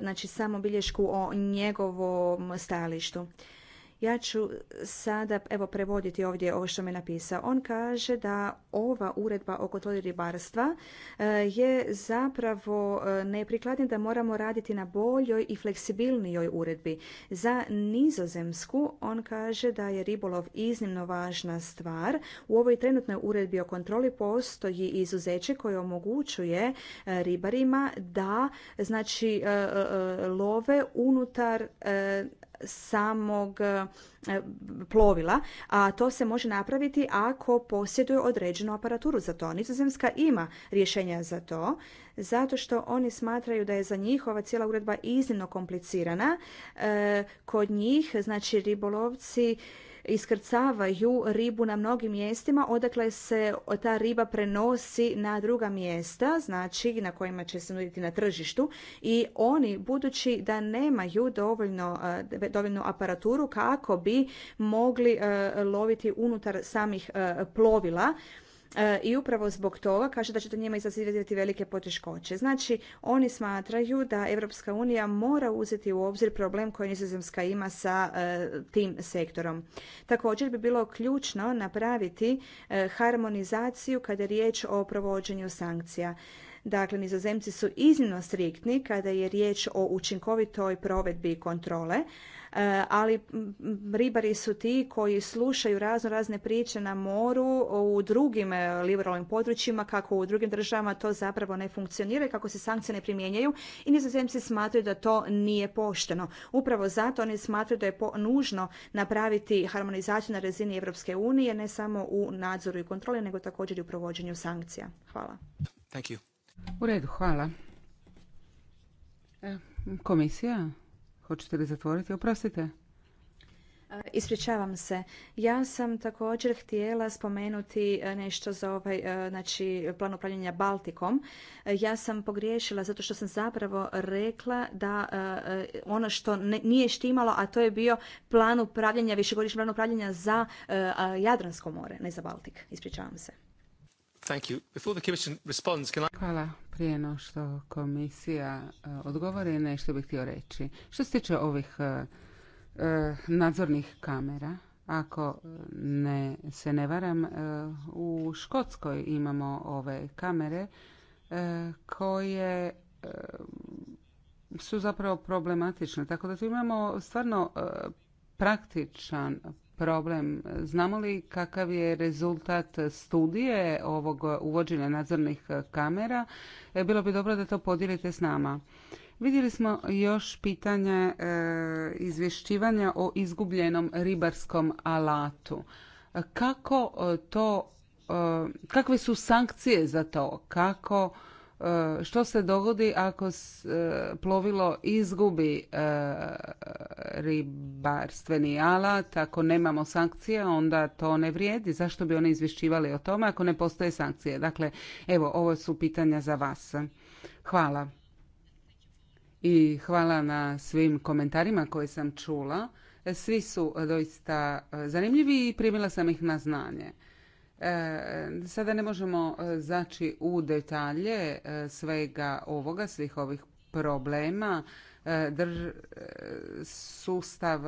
znači, samo bilješku o njegovom stajalištu. Ja ću sada evo prevoditi ovdje ovo što mi je napisao. On kaže da ova uredba o kontroli ribarstva e, je zapravo e, neprikladna da moramo raditi na boljoj i fleksibilnijoj uredbi. Za nizozemsku on kaže da je ribolov iznimno važna stvar. U ovoj trenutnoj uredbi o kontroli postoji izuzeće koje omogućuje e, ribarima da znači love unutar samog e, plovila, a to se može napraviti ako posjeduje određenu aparaturu za to. Nizozemska ima rješenja za to, zato što oni smatraju da je za njih ova cijela uredba iznimno komplicirana. E, kod njih, znači ribolovci iskrcavaju ribu na mnogim mjestima, odakle se ta riba prenosi na druga mjesta, znači na kojima će se nuditi na tržištu i oni budući da nemaju dovoljno, eh, dovoljnu aparaturu kako bi mogli eh, loviti unutar samih eh, plovila, E, i upravo zbog toga kaže da će to njima izazivati velike poteškoće. Znači, oni smatraju da Europska unija mora uzeti u obzir problem koji Nizozemska ima sa e, tim sektorom. Također bi bilo ključno napraviti e, harmonizaciju kada je riječ o provođenju sankcija. Dakle, nizozemci su iznimno striktni kada je riječ o učinkovitoj provedbi kontrole, E, ali ribari su ti koji slušaju razno razne priče na moru u drugim e, liberalnim područjima, kako u drugim državama to zapravo ne funkcionira i kako se sankcije ne primjenjaju i nizozemci smatraju da to nije pošteno. Upravo zato oni smatraju da je nužno napraviti harmonizaciju na razini Europske unije, ne samo u nadzoru i kontroli, nego također i u provođenju sankcija. Hvala. Thank you. U redu, hvala. E, komisija? Hoćete li zatvoriti? Oprostite. E, ispričavam se. Ja sam također htjela spomenuti e, nešto za ovaj e, znači, plan upravljanja Baltikom. Ja sam pogriješila zato što sam zapravo rekla da ono što nije štimalo, a to je bio plan upravljanja, višegodišnji plan upravljanja za Jadransko more, ne za Baltik. Ispričavam se. Thank you. Hvala. Prije no što komisija eh, odgovori, nešto bih htio reći. Što se tiče ovih eh, eh, nadzornih kamera, ako ne se ne varam, u Škotskoj imamo ove kamere koje su zapravo problematične. Tako da tu imamo stvarno praktičan problem. Znamo li kakav je rezultat studije ovog uvođenja nadzornih kamera? E, bilo bi dobro da to podijelite s nama. Vidjeli smo još pitanje e, izvješćivanja o izgubljenom ribarskom alatu. Kako to, e, kakve su sankcije za to? Kako E, što se dogodi ako e, plovilo izgubi e, ribarstveni alat, ako nemamo sankcije, onda to ne vrijedi. Zašto bi oni izvješćivali o tome ako ne postoje sankcije? Dakle, evo, ovo su pitanja za vas. Hvala. I hvala na svim komentarima koje sam čula. Svi su doista zanimljivi i primila sam ih na znanje. E, sada ne možemo e, zaći u detalje e, svega ovoga, svih ovih problema. sustav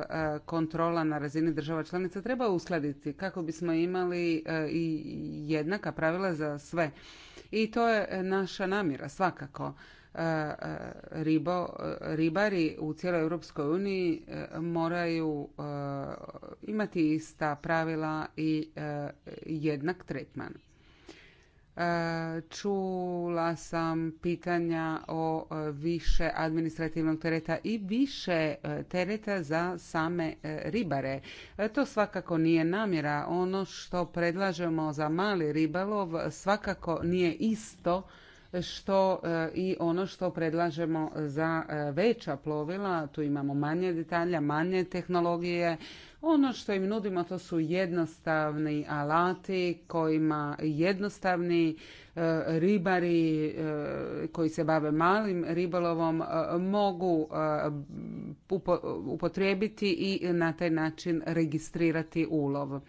kontrola na razini država članica treba uskladiti kako bismo imali i jednaka pravila za sve. I to je naša namjera svakako. E, e, ribo, e, ribari u cijeloj Europskoj uniji moraju imati ista pravila i jednak tretman. Čula sam pitanja o više administrativnog tereta i više tereta za same ribare. To svakako nije namjera. Ono što predlažemo za mali ribalov svakako nije isto što e, i ono što predlažemo za e, veća plovila, tu imamo manje detalja, manje tehnologije. Ono što im nudimo to su jednostavni alati kojima jednostavni e, ribari koji se bave malim ribolovom mogu upotrijebiti i na taj način registrirati ulov.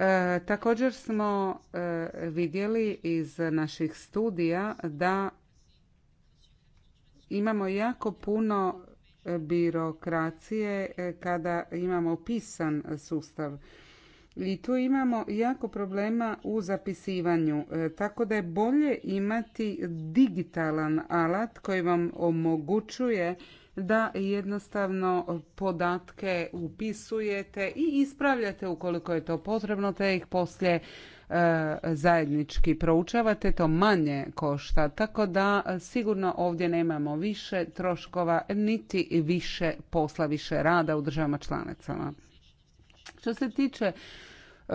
E, također smo e, vidjeli iz naših studija da imamo jako puno e, birokracije e, kada imamo pisan sustav. I tu imamo jako problema u zapisivanju, tako da je bolje imati digitalan alat koji vam omogućuje da jednostavno podatke upisujete i ispravljate ukoliko je to potrebno, te ih poslije e, zajednički proučavate, to manje košta. Tako da sigurno ovdje nemamo više troškova niti više posla, više rada u državama članicama. Što se tiče e,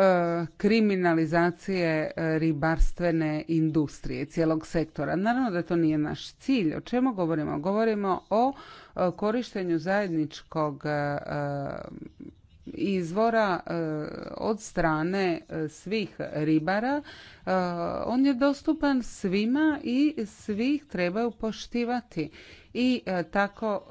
kriminalizacije e, ribarstvene industrije, cijelog sektora. Naravno da to nije naš cilj. O čemu govorimo? Govorimo o korištenju zajedničkog e, e, izvora e, od strane svih ribara. On je dostupan svima i svih trebaju poštivati i tako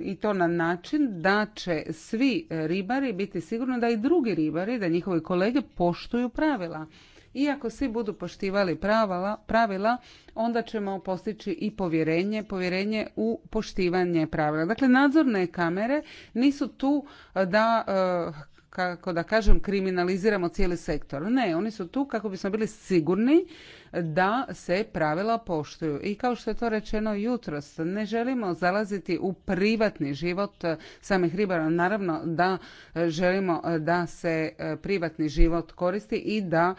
i to na način da će svi ribari biti sigurno da i drugi ribari, da njihovi kolege poštuju pravila. I ako svi budu poštivali pravila, pravila, onda ćemo postići i povjerenje, povjerenje u poštivanje pravila. Dakle, nadzorne kamere nisu tu eh, da eh, kako da kažem, kriminaliziramo cijeli sektor. Ne, oni su tu kako bismo bili sigurni da se pravila poštuju. I kao što je to rečeno jutros, ne želimo zalaziti u privatni život samih ribara. Naravno da e, želimo e, da se e, privatni život koristi i da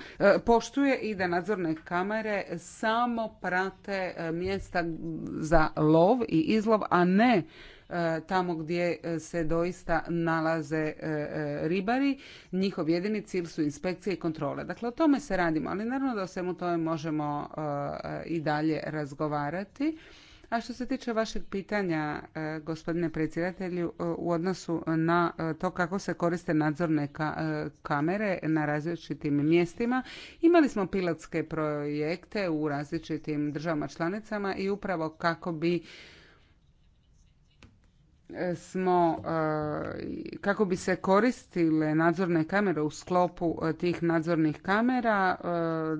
poštuje i da nadzorne kamere samo prate mjesta za lov i izlov, a ne E, tamo gdje e, se doista nalaze e, ribari. Njihov jedini cilj su inspekcije i kontrole. Dakle, o tome se radimo, ali naravno da o svemu tome možemo i dalje razgovarati. A što se tiče vašeg pitanja, gospodine predsjedatelju, u odnosu na to kako se koriste nadzorne kamere na različitim mjestima, imali smo pilotske projekte u različitim državama članicama i upravo kako bi smo e, kako bi se koristile nadzorne kamere u sklopu e, tih nadzornih kamera e,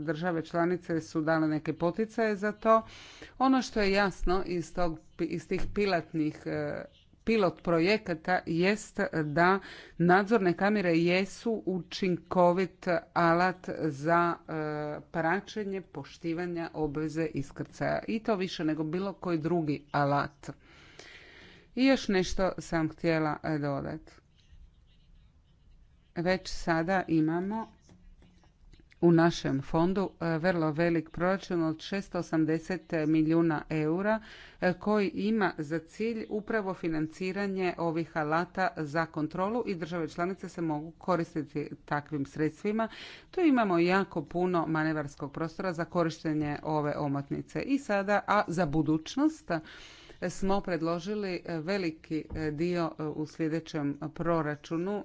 države članice su dale neke poticaje za to ono što je jasno iz, tog, iz tih pilatnih pilot projekata jest da nadzorne kamere jesu učinkovit alat za praćenje poštivanja obveze iskrcaja i to više nego bilo koji drugi alat i još nešto sam htjela e, dodati. Već sada imamo u našem fondu e, vrlo velik proračun od 680 milijuna eura e, koji ima za cilj upravo financiranje ovih alata za kontrolu i države članice se mogu koristiti takvim sredstvima. Tu imamo jako puno manevarskog prostora za korištenje ove omotnice. I sada, a za budućnost, smo predložili e, veliki e, dio e, u sljedećem proračunu,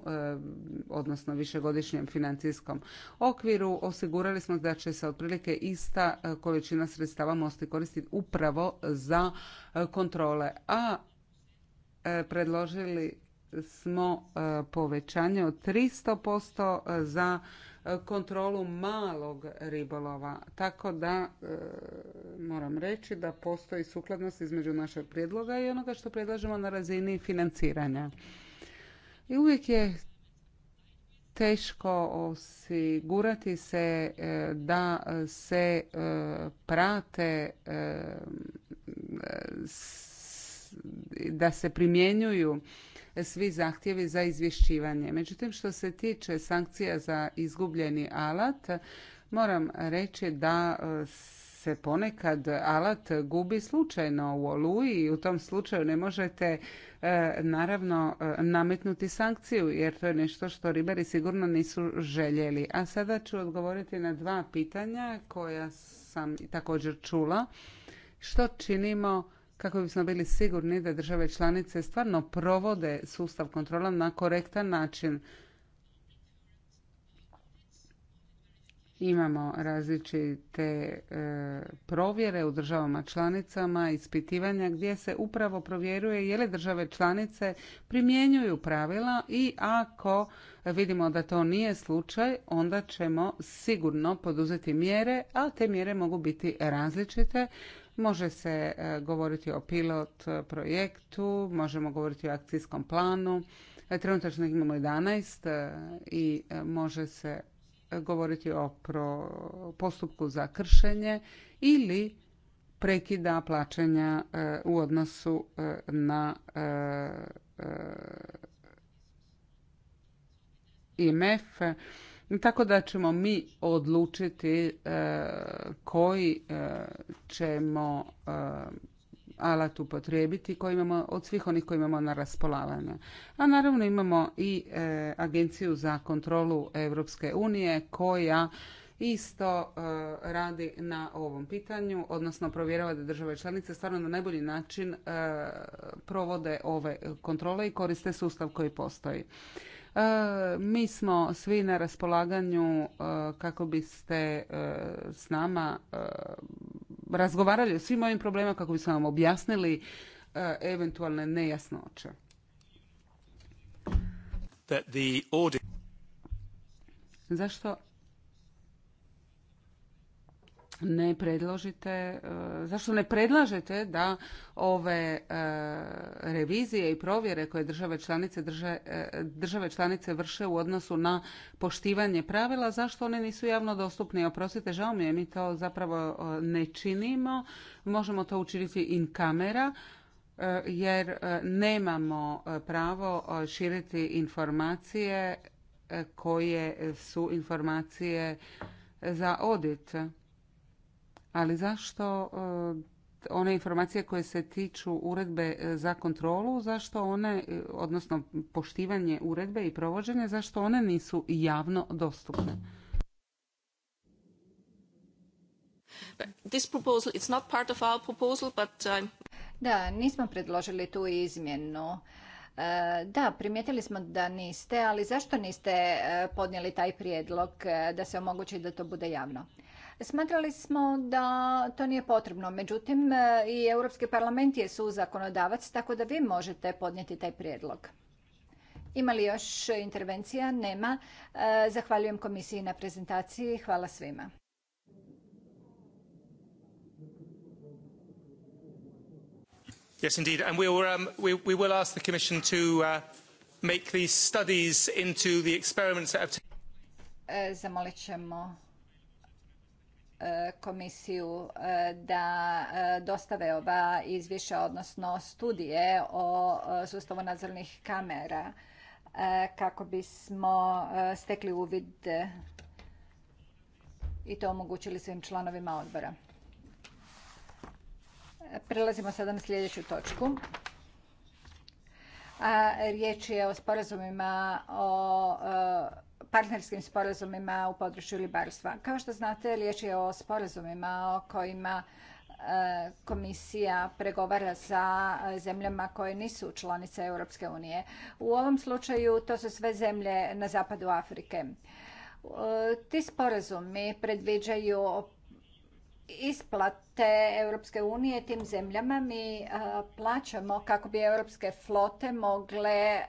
odnosno višegodišnjem financijskom okviru. Osigurali smo da će se otprilike ista količina sredstava mosti koristiti upravo za kontrole. A predložili smo e, povećanje od 300% e, za e, kontrolu malog ribolova. Tako da moram reći da postoji sukladnost između našeg prijedloga i onoga što predlažemo na razini financiranja. I uvijek je teško osigurati se da se prate da se primjenjuju svi zahtjevi za izvješćivanje. Međutim, što se tiče sankcija za izgubljeni alat, moram reći da e, se ponekad alat gubi slučajno u oluji i u tom slučaju ne možete e, naravno e, nametnuti sankciju jer to je nešto što ribari sigurno nisu željeli. A sada ću odgovoriti na dva pitanja koja sam također čula. Što činimo kako bismo bili sigurni da države članice stvarno provode sustav kontrola na korektan način. Imamo različite e, provjere u državama članicama, ispitivanja gdje se upravo provjeruje je li države članice primjenjuju pravila i ako vidimo da to nije slučaj, onda ćemo sigurno poduzeti mjere, a te mjere mogu biti različite Može se e, govoriti o pilot e, projektu, možemo govoriti o akcijskom planu. E, trenutačno imamo 11 i može se govoriti o postupku za kršenje ili prekida plaćanja u odnosu na IMF tako da ćemo mi odlučiti e, koji e, ćemo e, alat upotrijebiti koji imamo od svih onih koji imamo na raspolaganju. A naravno imamo i Agenciju za kontrolu Europske unije koja isto radi na ovom pitanju, odnosno provjerava da države članice stvarno na najbolji način provode ove kontrole i koriste sustav koji postoji. E, mi smo svi na raspolaganju e, kako biste e, s nama razgovarali o svim ovim problemima, kako bismo vam objasnili eventualne nejasnoće. Zašto ne predložite, e, zašto ne predlažete da ove e, revizije i provjere koje države članice, drže, e, države članice vrše u odnosu na poštivanje pravila, zašto one nisu javno dostupne? Oprostite, žao mi je, mi to zapravo ne činimo. Možemo to učiniti in kamera jer nemamo pravo širiti informacije koje su informacije za odit ali zašto e, one informacije koje se tiču uredbe e, za kontrolu, zašto one, e, odnosno poštivanje uredbe i provođenje, zašto one nisu javno dostupne? Da, nismo predložili tu izmjenu. Da, primijetili smo da niste, ali zašto niste podnijeli taj prijedlog da se omogući da to bude javno? Smatrali smo da to nije potrebno, međutim e, i Europski parlament je suzakonodavac, tako da vi možete podnijeti taj prijedlog. Ima li još intervencija? Nema. E, zahvaljujem komisiji na prezentaciji. Hvala svima. Yes, indeed. Zamolit ćemo E, komisiju e, da e, dostave ova izvješća, odnosno studije o sustavu nadzornih kamera kako bismo stekli uvid i to omogućili svim članovima odbora. Prelazimo sada na sljedeću točku. A riječ je o sporazumima o partnerskim sporazumima u području ribarstva. Kao što znate, riječ je o sporazumima o kojima e, komisija pregovara sa zemljama koje nisu članice Europske unije. U ovom slučaju to su sve zemlje na zapadu Afrike. E, ti sporazumi predviđaju isplate Europske unije tim zemljama mi e, plaćamo kako bi europske flote mogle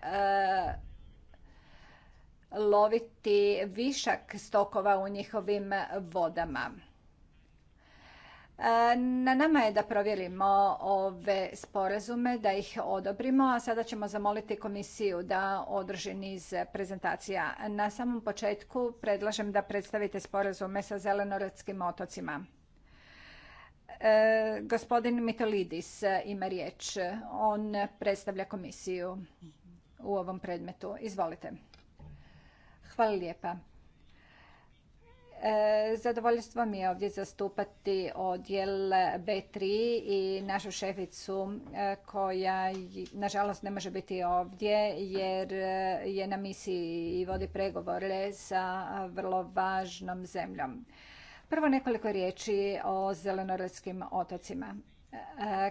loviti višak stokova u njihovim vodama. E, na nama je da provjerimo ove sporazume, da ih odobrimo, a sada ćemo zamoliti komisiju da održi niz prezentacija. Na samom početku predlažem da predstavite sporazume sa zelenoradskim otocima. E, gospodin Mitolidis ima riječ. On predstavlja komisiju u ovom predmetu. Izvolite. Hvala lijepa. E, zadovoljstvo mi je ovdje zastupati odjel B3 i našu šeficu e, koja nažalost ne može biti ovdje jer e, je na misiji i vodi pregovore sa vrlo važnom zemljom. Prvo nekoliko riječi o zelenoradskim otocima.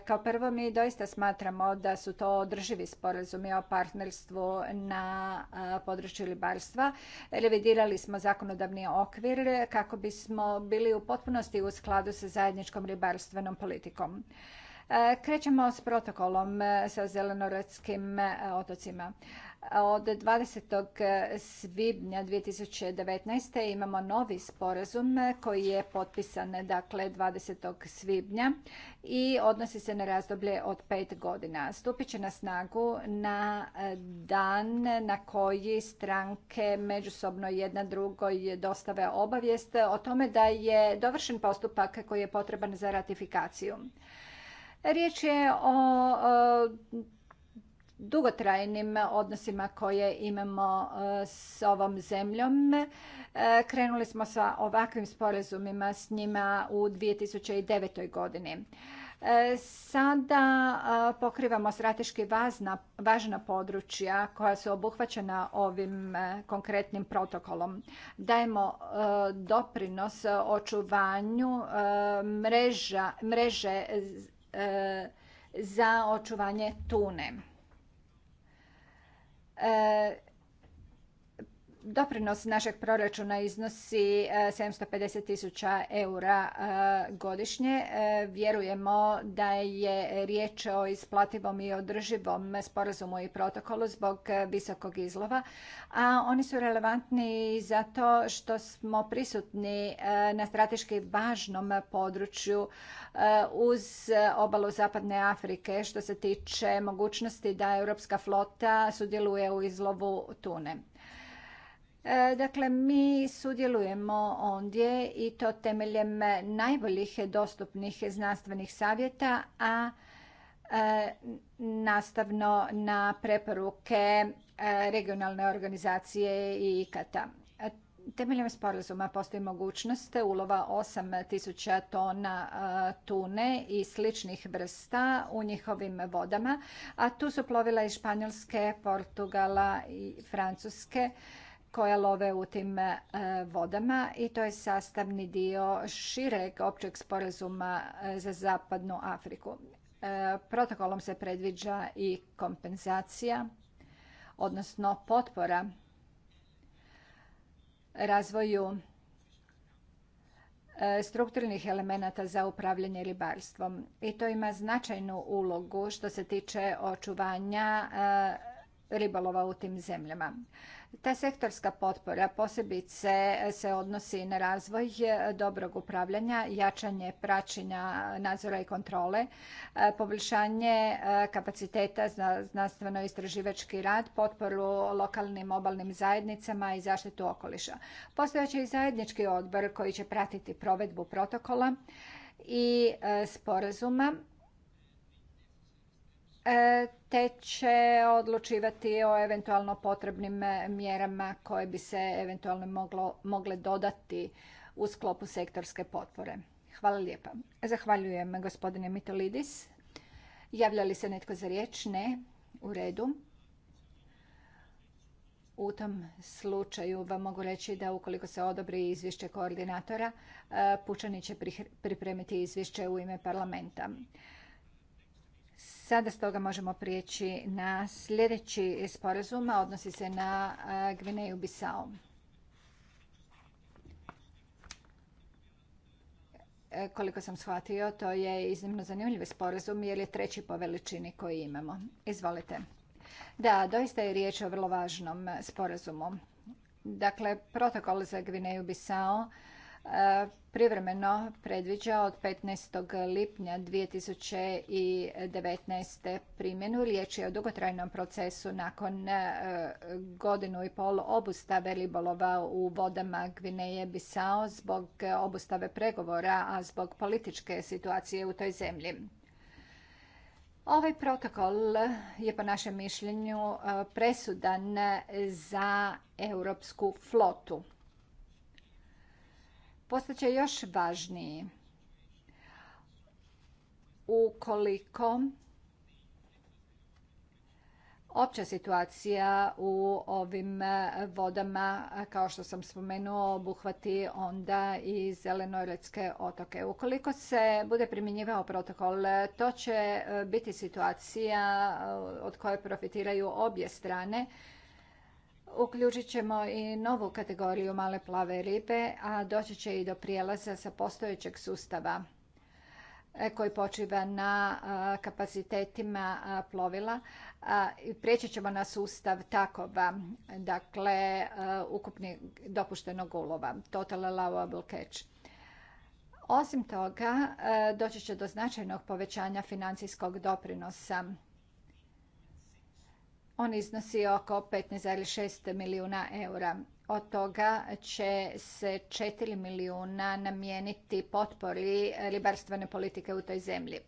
Kao prvo, mi doista smatramo da su to održivi sporazumi o partnerstvu na području ribarstva. Revidirali smo zakonodavni okvir kako bismo bili u potpunosti u skladu sa zajedničkom ribarstvenom politikom. Krećemo s protokolom sa zelenoradskim otocima. Od 20. svibnja 2019. imamo novi sporazum koji je potpisan dakle 20. svibnja i odnosi se na razdoblje od pet godina. Stupit će na snagu na dan na koji stranke međusobno jedna drugoj dostave obavijest o tome da je dovršen postupak koji je potreban za ratifikaciju. Riječ je o dugotrajnim odnosima koje imamo eh, s ovom zemljom. Eh, krenuli smo sa ovakvim sporazumima s njima u 2009. godini. Eh, sada pokrivamo strateški važna područja koja su obuhvaćena ovim konkretnim protokolom. Dajemo doprinos očuvanju mreža, mreže za očuvanje tune. E, Doprinos našeg proračuna iznosi 750 e, tisuća eura e, godišnje. E, vjerujemo da je riječ o isplativom i održivom sporazumu i protokolu zbog visokog izlova, a oni su relevantni zato što smo prisutni na strateški važnom području uz obalu Zapadne Afrike što se tiče mogućnosti da europska flota sudjeluje u izlovu tune. E, dakle, mi sudjelujemo ondje i to temeljem najboljih dostupnih znanstvenih savjeta, a e, nastavno na preporuke e, regionalne organizacije i IKATA. Temeljem sporazuma postoji mogućnost ulova 8000 tona tune i sličnih vrsta u njihovim vodama, a tu su plovila iz Španjolske, Portugala i Francuske, koja love u tim e, vodama i to je sastavni dio šireg općeg sporazuma e, za zapadnu Afriku. E, protokolom se predviđa i kompenzacija, odnosno potpora razvoju strukturnih elemenata za upravljanje ribarstvom. I to ima značajnu ulogu što se tiče očuvanja ribolova u tim zemljama. Ta sektorska potpora posebice se odnosi na razvoj dobrog upravljanja, jačanje praćenja nadzora i kontrole, poboljšanje e, kapaciteta za znanstveno-istraživački rad, potporu lokalnim obalnim zajednicama i zaštitu okoliša. Postojeći i zajednički odbor koji će pratiti provedbu protokola i e, sporazuma E, te će odlučivati o eventualno potrebnim e, mjerama koje bi se eventualno moglo, mogle dodati u sklopu sektorske potpore. Hvala lijepa. Zahvaljujem gospodine Mitolidis. Javlja li se netko za riječ? Ne. U redu. U tom slučaju vam mogu reći da ukoliko se odobri izvješće koordinatora, e, Pučani će pripremiti izvješće u ime parlamenta. Sada stoga možemo prijeći na sljedeći sporazum, a odnosi se na Gvineju Bisao. E, koliko sam shvatio, to je iznimno zanimljiv sporazum jer je treći po veličini koji imamo. Izvolite. Da, doista je riječ o vrlo važnom sporazumu. Dakle, protokol za Gvineju Bisao privremeno predviđa od 15. lipnja 2019. primjenu. Riječ je o dugotrajnom procesu nakon e, godinu i pol obustave ribolova u vodama Gvineje Bisao zbog obustave pregovora, a zbog političke situacije u toj zemlji. Ovaj protokol je po našem mišljenju e, presudan za europsku flotu postaće još važniji ukoliko opća situacija u ovim vodama, kao što sam spomenuo, obuhvati onda i zelenoretske otoke. Ukoliko se bude primjenjivao protokol, to će biti situacija od koje profitiraju obje strane Uključit ćemo i novu kategoriju male plave ribe, a doći će i do prijelaza sa postojećeg sustava e, koji počiva na kapacitetima plovila. Prijeći ćemo na sustav takova, dakle ukupni dopuštenog ulova, total allowable catch. Osim toga, doći će do značajnog povećanja financijskog doprinosa on iznosi oko 15,6 milijuna eura. Od toga će se 4 milijuna namijeniti potpori ribarstvene politike u toj zemlji.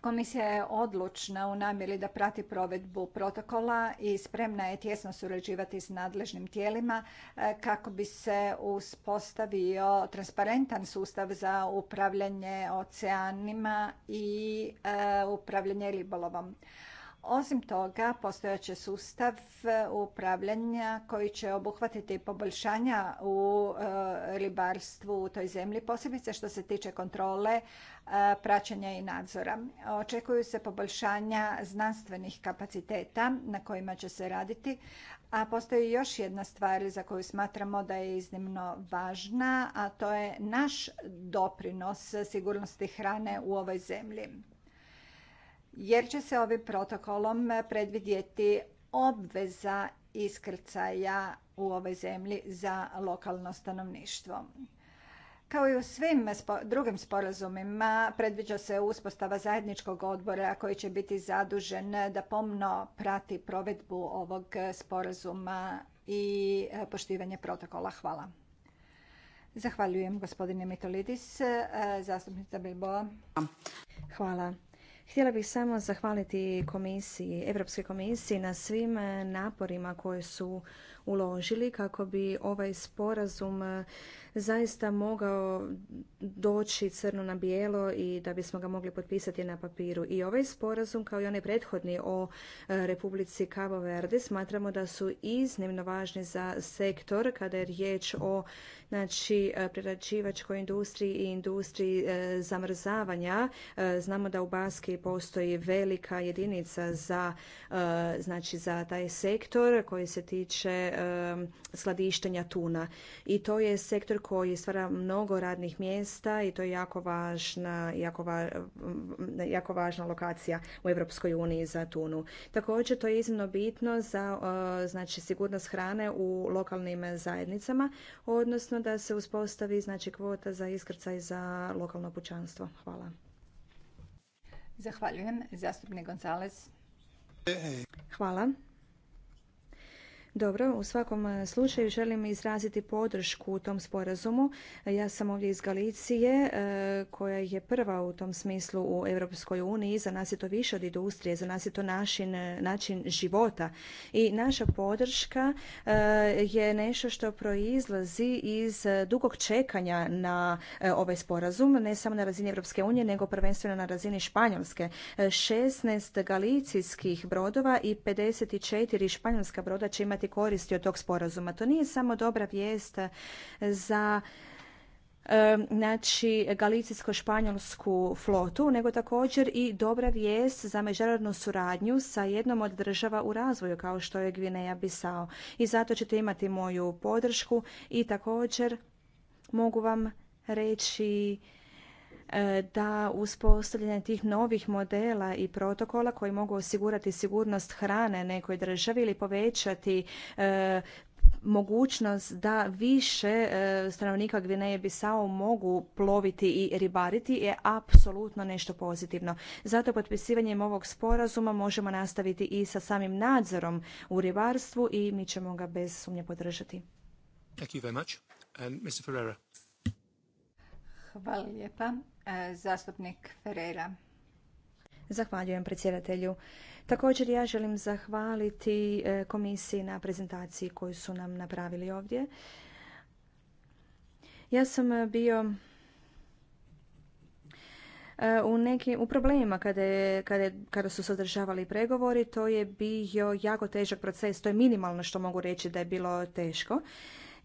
Komisija je odlučna u namjeri da prati provedbu protokola i spremna je tjesno surađivati s nadležnim tijelima e, kako bi se uspostavio transparentan sustav za upravljanje oceanima i e, upravljanje ribolovom. Osim toga, postojaće sustav e, upravljanja koji će obuhvatiti poboljšanja u e, ribarstvu u toj zemlji, posebice što se tiče kontrole, e, praćenja i nadzora. Očekuju se poboljšanja znanstvenih kapaciteta na kojima će se raditi, a postoji još jedna stvar za koju smatramo da je iznimno važna, a to je naš doprinos sigurnosti hrane u ovoj zemlji jer će se ovim protokolom predvidjeti obveza iskrcaja u ovoj zemlji za lokalno stanovništvo. Kao i u svim drugim sporazumima predviđa se uspostava zajedničkog odbora koji će biti zadužen da pomno prati provedbu ovog sporazuma i e, poštivanje protokola. Hvala. Zahvaljujem gospodine Mitolidis. E, zastupnica Bilboa. Hvala. Htjela bih samo zahvaliti komisiji, Europskoj komisiji na svim naporima koje su uložili kako bi ovaj sporazum e, zaista mogao doći crno na bijelo i da bismo ga mogli potpisati na papiru. I ovaj sporazum kao i onaj prethodni o e, Republici Cabo Verde smatramo da su iznimno važni za sektor kada je riječ o znači, e, prerađivačkoj industriji i industriji zamrzavanja. Znamo da u Baski postoji velika jedinica za, znači, za taj sektor koji se tiče skladištenja tuna. I to je sektor koji stvara mnogo radnih mjesta i to je jako važna, jako, važna lokacija u Europskoj uniji za tunu. Također to je iznimno bitno za znači sigurnost hrane u lokalnim zajednicama, odnosno da se uspostavi znači kvota za iskrcaj za lokalno pučanstvo. Hvala. Zahvaljujem. Zastupnik Gonzales. Hvala. Dobro, u svakom e, slučaju želim izraziti podršku u tom sporazumu. Ja sam ovdje iz Galicije e, koja je prva u tom smislu u Europskoj uniji. Za nas je to više od industrije, za nas je to našin, e, način života. I naša podrška je nešto što proizlazi iz dugog čekanja na ovaj sporazum, ne samo na razini Europske unije, nego prvenstveno na razini Španjolske. 16 galicijskih brodova i 54 španjolska broda će imati imati koristi od tog sporazuma. To nije samo dobra vijest za e, znači galicijsko-španjolsku flotu, nego također i dobra vijest za međunarodnu suradnju sa jednom od država u razvoju kao što je Gvineja Bisao. I zato ćete imati moju podršku i također mogu vam reći E, da uspostavljanje tih novih modela i protokola koji mogu osigurati sigurnost hrane nekoj državi ili povećati e, mogućnost da više e, stanovnika Gvineje Bisao mogu ploviti i ribariti je apsolutno nešto pozitivno. Zato potpisivanjem ovog sporazuma možemo nastaviti i sa samim nadzorom u ribarstvu i mi ćemo ga bez sumnje podržati. Hvala lijepa. E, zastupnik Ferreira. Zahvaljujem predsjedatelju. Također ja želim zahvaliti e, komisiji na prezentaciji koju su nam napravili ovdje. Ja sam bio e, u neki, u problemima kada, kada, kada su se održavali pregovori. To je bio jako težak proces. To je minimalno što mogu reći da je bilo teško.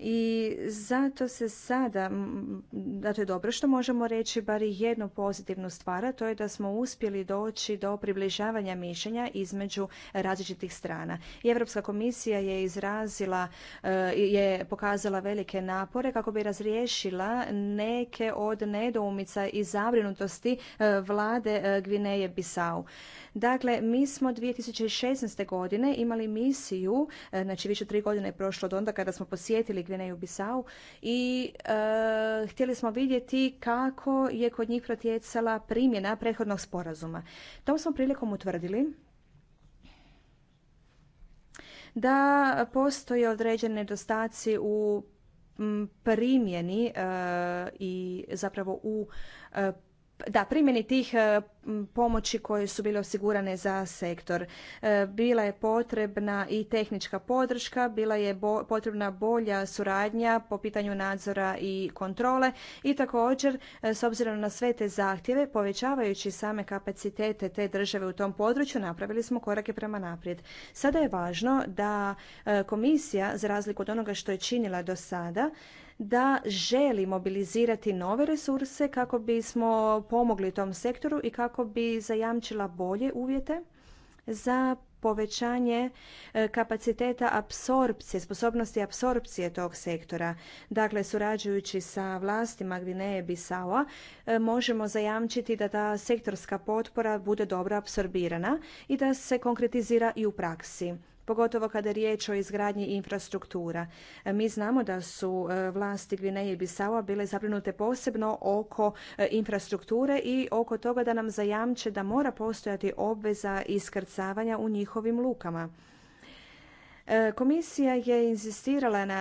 I zato se sada, zato je dakle, dobro što možemo reći bar jednu pozitivnu stvar, a to je da smo uspjeli doći do približavanja mišljenja između različitih strana. I Europska komisija je izrazila, e, je pokazala velike napore kako bi razriješila neke od nedoumica i zabrinutosti e, vlade e, Gvineje Bisau. Dakle, mi smo 2016. godine imali misiju, znači više tri godine je prošlo od onda kada smo posjetili Gvineju Bisau i e, htjeli smo vidjeti kako je kod njih protjecala primjena prethodnog sporazuma. Tom smo prilikom utvrdili da postoje određeni nedostaci u primjeni e, i zapravo u e, da primjeni tih e, pomoći koje su bile osigurane za sektor. E, bila je potrebna i tehnička podrška, bila je potrebna bolja suradnja po pitanju nadzora i kontrole i također e, s obzirom na sve te zahtjeve povećavajući same kapacitete te države u tom području napravili smo korake prema naprijed. Sada je važno da komisija za razliku od onoga što je činila do sada da želi mobilizirati nove resurse kako bismo pomogli tom sektoru i kako bi zajamčila bolje uvjete za povećanje e, kapaciteta apsorpcije, sposobnosti apsorpcije tog sektora. Dakle, surađujući sa vlastima Gvineje Bisaua e, možemo zajamčiti da ta sektorska potpora bude dobro apsorbirana i da se konkretizira i u praksi pogotovo kada je riječ o izgradnji infrastruktura. E, mi znamo da su e, vlasti Gvineje i Bisaua bile zabrinute posebno oko e, infrastrukture i oko toga da nam zajamče da mora postojati obveza iskrcavanja u njihovim lukama. Komisija je insistirala na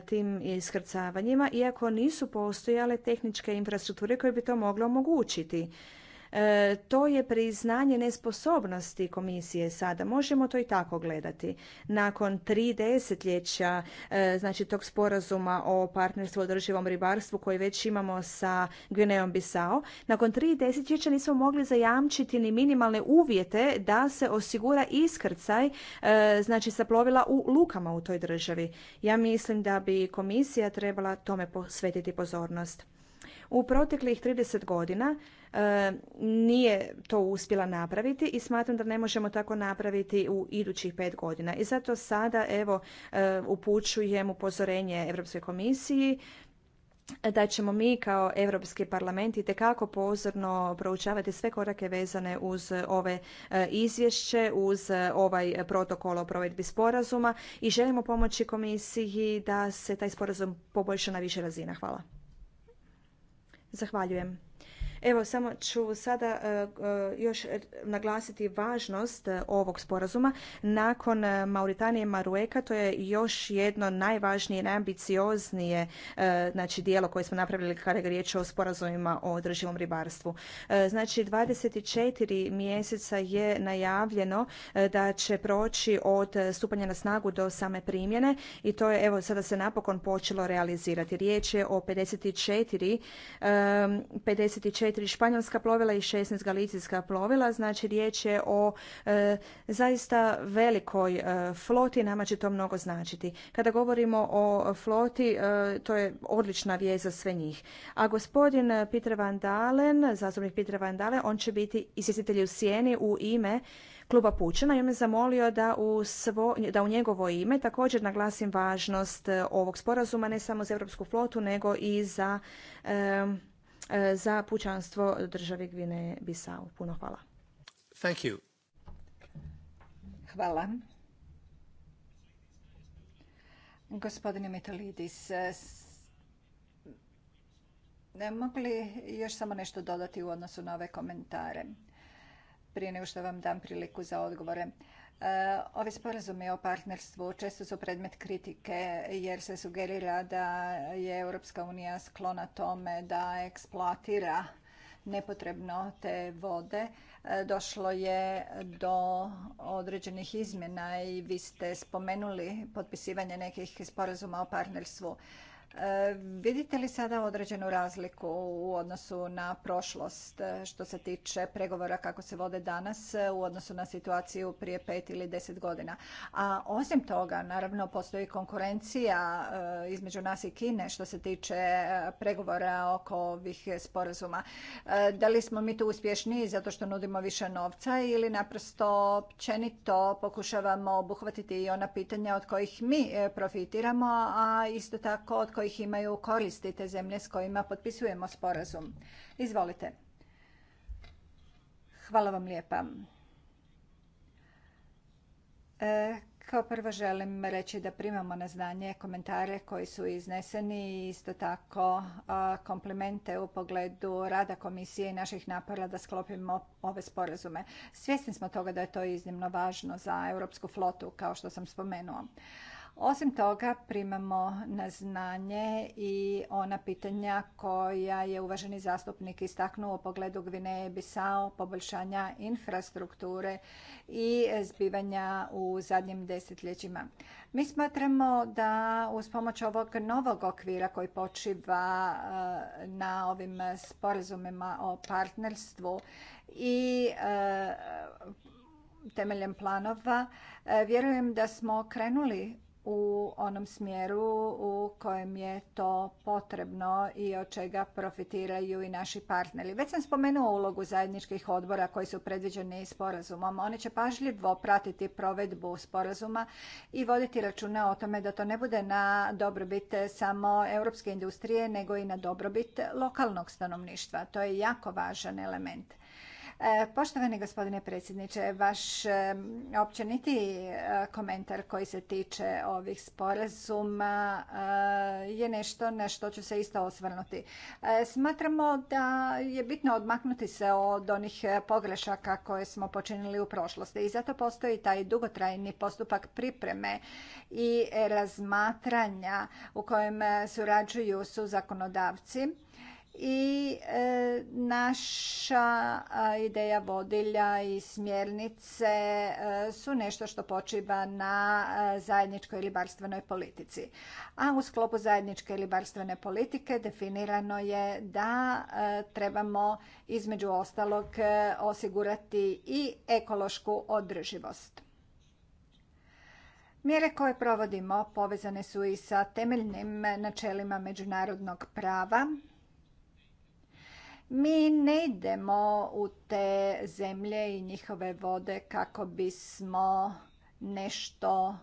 tim iskrcavanjima, iako nisu postojale tehničke infrastrukture koje bi to mogle omogućiti. E, to je priznanje nesposobnosti komisije sada. Možemo to i tako gledati. Nakon tri desetljeća e, znači tog sporazuma o partnerstvu održivom ribarstvu koji već imamo sa Gvinejom Bisao, nakon tri desetljeća nismo mogli zajamčiti ni minimalne uvjete da se osigura iskrcaj e, znači sa plovila u lukama u toj državi. Ja mislim da bi komisija trebala tome posvetiti pozornost. U proteklih 30 godina E, nije to uspjela napraviti i smatram da ne možemo tako napraviti u idućih pet godina. I zato sada evo e, upućujem upozorenje Europskoj komisiji da ćemo mi kao Europski parlament i tekako pozorno proučavati sve korake vezane uz ove e, izvješće, uz ovaj protokol o provedbi sporazuma i želimo pomoći komisiji da se taj sporazum poboljša na više razina. Hvala. Zahvaljujem. Evo, samo ću sada e, e, još naglasiti važnost e, ovog sporazuma. Nakon Mauritanije i Marueka, to je još jedno najvažnije, i najambicioznije znači, dijelo koje smo napravili kada je riječ o sporazumima o održivom ribarstvu. Znači, 24 mjeseca je najavljeno da će proći od stupanja na snagu do same primjene i to je, evo, sada se napokon počelo realizirati. Riječ je o 54, 54 4 španjolska plovila i 16 galicijska plovila. Znači riječ je o e, zaista velikoj e, floti, nama će to mnogo značiti. Kada govorimo o floti, e, to je odlična vijest za sve njih. A gospodin Peter Van Dalen, zastupnik Peter Van Dalen, on će biti izvjestitelj u sjeni u ime kluba Pučana i on me zamolio da u, svo, da u njegovo ime također naglasim važnost ovog sporazuma ne samo za europsku flotu nego i za E, za pučanstvo države Gvine Bisao. Puno hvala. Thank you. Hvala. Gospodine Metalidis, ne e, mogli još samo nešto dodati u odnosu na ove komentare prije nego što vam dam priliku za odgovore. Eh, ovi sporazumi o partnerstvu često su predmet kritike jer se sugerira da je Europska unija sklona tome da eksploatira nepotrebno te vode. Eh, došlo je do određenih izmjena i vi ste spomenuli potpisivanje nekih sporazuma o partnerstvu. Vidite li sada određenu razliku u odnosu na prošlost što se tiče pregovora kako se vode danas u odnosu na situaciju prije pet ili deset godina? A osim toga, naravno, postoji konkurencija e, između nas i Kine što se tiče e, pregovora oko ovih sporazuma. E, da li smo mi tu uspješniji zato što nudimo više novca ili naprosto općenito pokušavamo obuhvatiti i ona pitanja od kojih mi profitiramo, a isto tako od kojih kojih imaju koristi te zemlje s kojima potpisujemo sporazum. Izvolite. Hvala vam lijepa. E, kao prvo želim reći da primamo na znanje komentare koji su izneseni i isto tako komplimente u pogledu rada komisije i naših napora da sklopimo ove sporazume. Svjesni smo toga da je to iznimno važno za europsku flotu, kao što sam spomenuo. Osim toga, primamo na znanje i ona pitanja koja je uvaženi zastupnik istaknuo u pogledu Gvineje Bisao, poboljšanja infrastrukture i zbivanja u zadnjim desetljećima. Mi smatramo da uz pomoć ovog novog okvira koji počiva eh, na ovim sporazumima o partnerstvu i eh, temeljem planova, eh, vjerujem da smo krenuli u onom smjeru u kojem je to potrebno i od čega profitiraju i naši partneri. Već sam spomenuo ulogu zajedničkih odbora koji su predviđeni sporazumom. Oni će pažljivo pratiti provedbu sporazuma i voditi računa o tome da to ne bude na dobrobit samo europske industrije, nego i na dobrobit lokalnog stanovništva. To je jako važan element. E, poštovani gospodine predsjedniče, vaš e, općeniti e, komentar koji se tiče ovih sporazuma je nešto na što ću se isto osvrnuti. Smatramo da je bitno odmaknuti se od onih pogrešaka koje smo počinili u prošlosti i zato postoji taj dugotrajni postupak pripreme i razmatranja u kojem surađuju su zakonodavci i e, naša ideja vodilja i smjernice e, su nešto što počiva na e, zajedničkoj ribarstvenoj politici. A u sklopu zajedničke ribarstvene politike definirano je da trebamo između ostalog osigurati i ekološku održivost. Mjere koje provodimo povezane su i sa temeljnim načelima međunarodnog prava mi ne idemo u te zemlje i njihove vode kako bismo nešto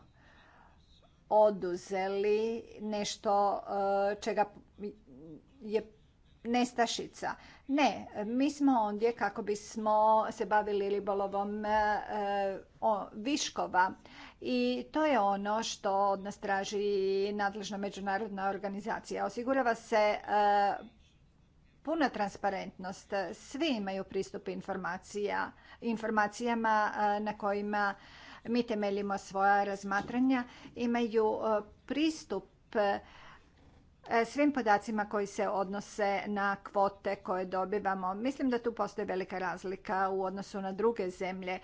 oduzeli, nešto e, čega je nestašica. Ne, mi smo ondje kako bismo se bavili ribolovom e, viškova i to je ono što od nas traži nadležna međunarodna organizacija. Osigurava se e, puna transparentnost. Svi imaju pristup informacija, informacijama e, na kojima mi temeljimo svoja razmatranja. Imaju e, pristup e, svim podacima koji se odnose na kvote koje dobivamo. Mislim da tu postoji velika razlika u odnosu na druge zemlje.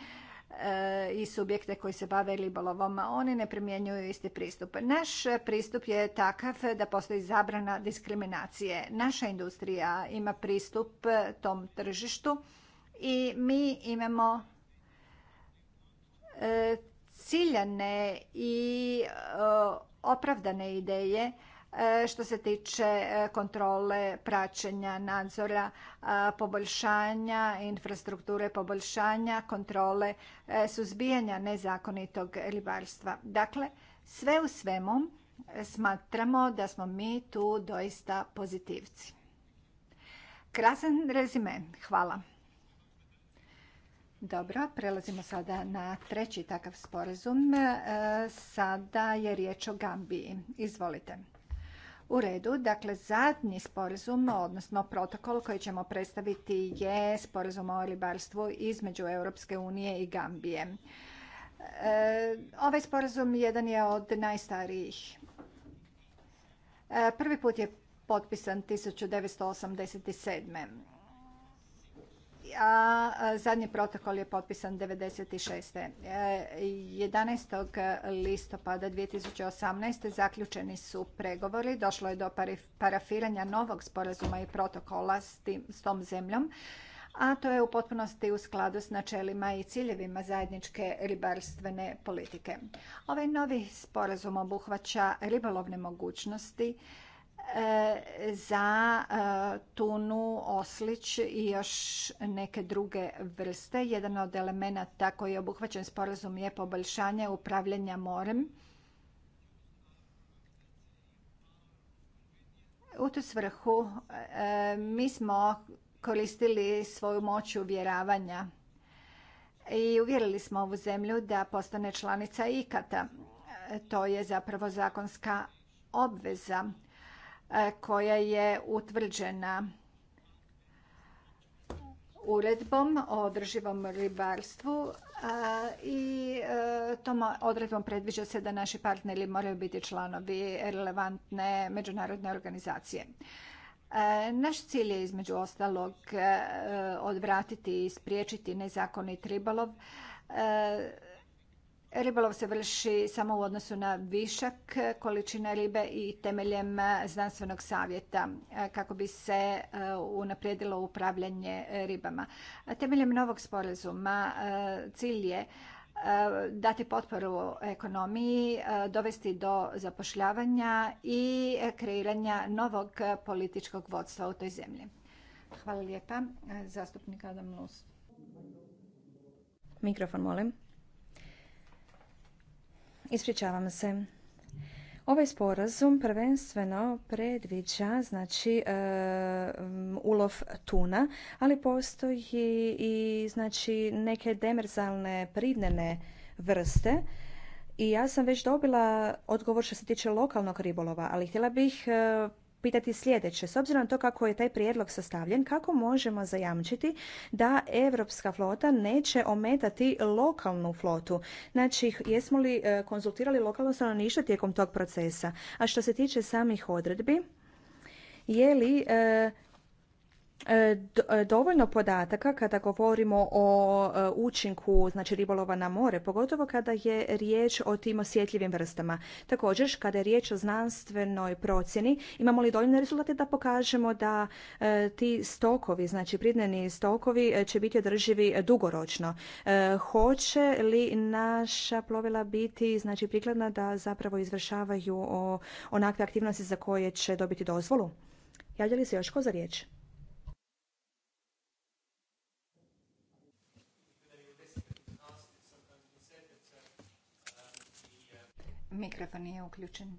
E, i subjekte koji se bave ribolovom, oni ne primjenjuju isti pristup. Naš pristup je takav da postoji zabrana diskriminacije. Naša industrija ima pristup tom tržištu i mi imamo e, ciljane i e, opravdane ideje E, što se tiče e, kontrole, praćenja, nadzora, e, poboljšanja, infrastrukture poboljšanja, kontrole, suzbijanja nezakonitog ribarstva. Dakle, sve u svemu smatramo da smo mi tu doista pozitivci. Krasan rezime, hvala. Dobro, prelazimo sada na treći takav sporazum. Sada je riječ o Gambiji. Izvolite. U redu, dakle zadnji sporazum, odnosno protokol koji ćemo predstaviti je sporazum o ribarstvu između Europske unije i Gambije. E, ovaj sporazum jedan je od najstarijih. E, prvi put je potpisan 1987 a zadnji protokol je potpisan 96. 11. E, listopada 2018. zaključeni su pregovori. Došlo je do parafiranja novog sporazuma i protokola s, tim, tom zemljom a to je u potpunosti u skladu s načelima i ciljevima zajedničke ribarstvene politike. Ovaj novi sporazum obuhvaća ribolovne mogućnosti, E, za e, tunu, oslić i još neke druge vrste. Jedan od elemenata koji je obuhvaćen sporazum je poboljšanje upravljanja morem. U tu svrhu e, mi smo koristili svoju moć uvjeravanja i uvjerili smo ovu zemlju da postane članica IKATA. To je zapravo zakonska obveza E, koja je utvrđena uredbom o održivom ribarstvu i e, tom odredbom predviđa se da naši partneri moraju biti članovi relevantne međunarodne organizacije. E, naš cilj je između ostalog odvratiti i spriječiti nezakonit ribolov Ribolov se vrši samo u odnosu na višak količine ribe i temeljem e, znanstvenog savjeta e, kako bi se e, unaprijedilo upravljanje ribama. Temeljem novog sporazuma cilj je dati potporu ekonomiji, dovesti do zapošljavanja i kreiranja novog političkog vodstva u toj zemlji. Hvala lijepa. Zastupnik Adam Mikrofon molim. Ispričavam se. Ovaj sporazum prvenstveno predviđa znači e, ulov tuna, ali postoji i znači neke demerzalne pridnene vrste i ja sam već dobila odgovor što se tiče lokalnog ribolova, ali htjela bih e, pitati sljedeće. S obzirom na to kako je taj prijedlog sastavljen, kako možemo zajamčiti da europska flota neće ometati lokalnu flotu? Znači, jesmo li e, konzultirali lokalno stanovništvo tijekom tog procesa? A što se tiče samih odredbi, je li e, E, e, dovoljno podataka kada govorimo o e, učinku znači ribolova na more, pogotovo kada je riječ o tim osjetljivim vrstama. Također, kada je riječ o znanstvenoj procjeni, imamo li dovoljne rezultate da pokažemo da ti stokovi, znači pridneni stokovi će biti održivi dugoročno. Hoće li naša plovila biti znači prikladna da zapravo izvršavaju onakve aktivnosti za koje će dobiti dozvolu? Javlja li se još ko za riječ? Mikrofon nije uključen.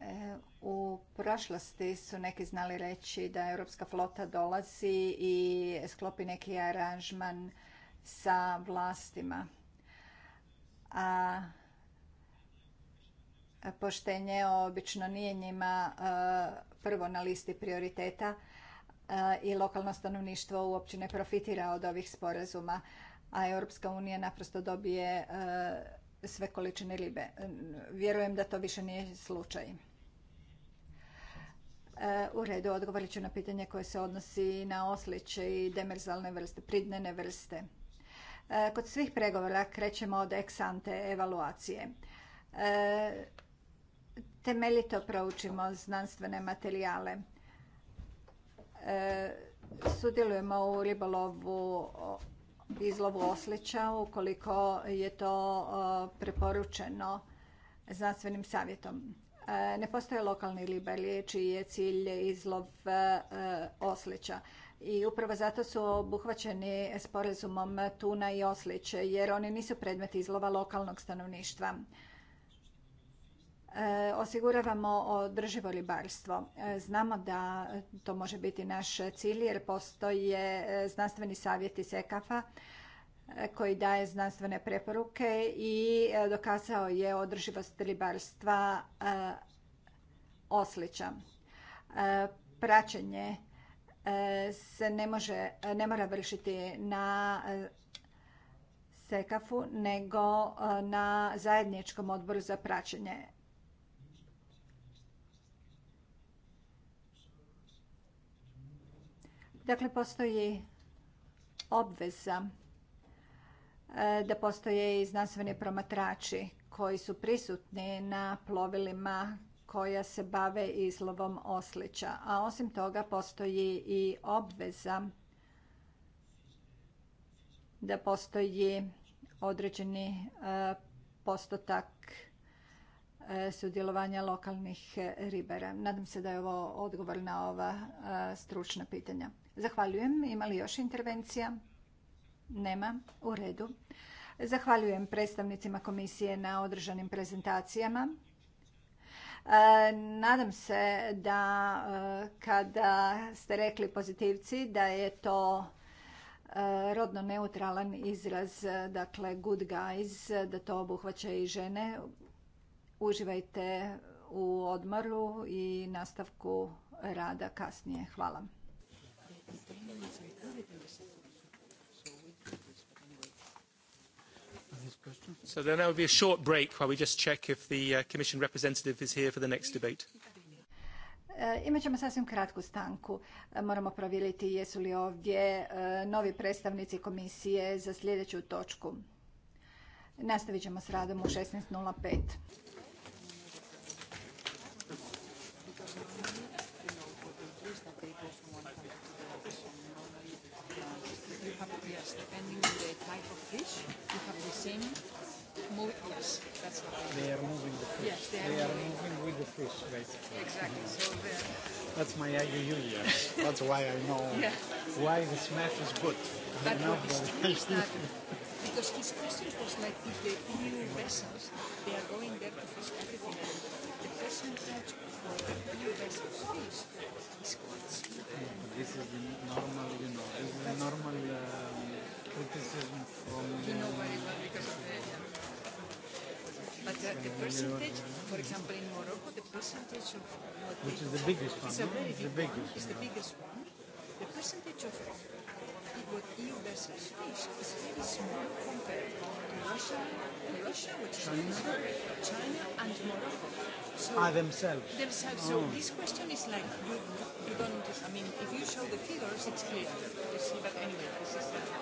E, u prošlosti su neki znali reći da europska flota dolazi i sklopi neki aranžman sa vlastima. A poštenje obično nije njima e, prvo na listi prioriteta e, i lokalno stanovništvo uopće ne profitira od ovih sporazuma a Europska unija naprosto dobije e, sve količine ribe. E, vjerujem da to više nije slučaj. E, u redu odgovorit ću na pitanje koje se odnosi na osliće i demerzalne vrste, pridnene vrste. Kod svih pregovora krećemo od eksante evaluacije. Temeljito proučimo znanstvene materijale. Sudjelujemo u ribolovu izlovu oslića ukoliko je to e, preporučeno znanstvenim savjetom. E, ne postoje lokalni ribari čiji je cilj izlov e, oslića. I upravo zato su obuhvaćeni sporazumom tuna i osliće jer oni nisu predmet izlova lokalnog stanovništva. E, osiguravamo održivo ribarstvo. E, znamo da to može biti naš cilj jer postoje e, znanstveni savjeti SEKAFA koji daje znanstvene preporuke i dokazao je održivost ribarstva oslića. Praćenje se ne, može, ne mora vršiti na sekafu, u nego na zajedničkom odboru za praćenje. Dakle, postoji obveza e, da postoje i znanstveni promatrači koji su prisutni na plovilima koja se bave izlovom oslića. A osim toga postoji i obveza da postoji određeni e, postotak e, sudjelovanja lokalnih ribara. Nadam se da je ovo odgovor na ova stručna pitanja. Zahvaljujem. Ima li još intervencija? Nema. U redu. Zahvaljujem predstavnicima komisije na održanim prezentacijama. E, nadam se da e, kada ste rekli pozitivci da je to e, rodno neutralan izraz, dakle good guys, da to obuhvaća i žene. Uživajte u odmoru i nastavku rada kasnije. Hvala. So there now be a short break while we just check if the uh, Commission representative is here for the next debate. E, imat ćemo sasvim kratku stanku. E, moramo provjeriti jesu li ovdje e, novi predstavnici komisije za sljedeću točku. Nastavit ćemo s radom u 16.05. type of fish. You have the same. Move, yes, that's what They are moving the fish. Yes, they are, they are moving. moving with the fish, basically. Exactly. So that's my IUU, yes. that's why I know yeah. why this math is good. But I know what is that because his question was like if the EU vessels they are going there to fish everything and the percentage for the EU vessels fish is quite small. Yeah, this is the normal, you know, this is the normal uh, criticism from you know because of the But uh, the percentage, for example, in Morocco, the percentage of what which is the biggest one, is a very big the biggest one. Is the biggest one. The percentage of what EU vessels fish is very small compared to Russia, Russia, which is China, China and Morocco. So ah, themselves. Themselves. Oh. So this question is like you, you don't. I mean, if you show the figures, it's clear. You see, but anyway, this is.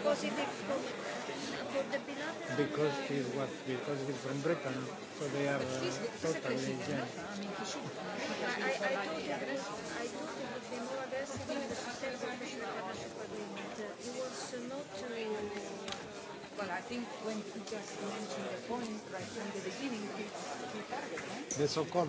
Because it Because Because from Britain, so they are totally I, I, I I think when he just mentioned the point right from the beginning, The so-called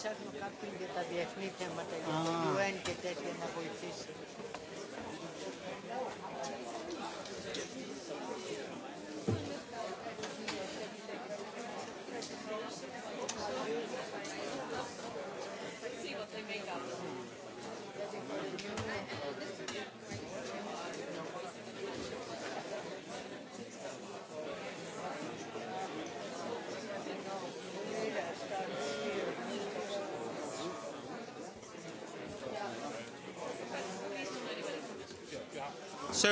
ψάχνω κάποιον για τα διεθνή θέματα, για το UN και τέτοια να βοηθήσει.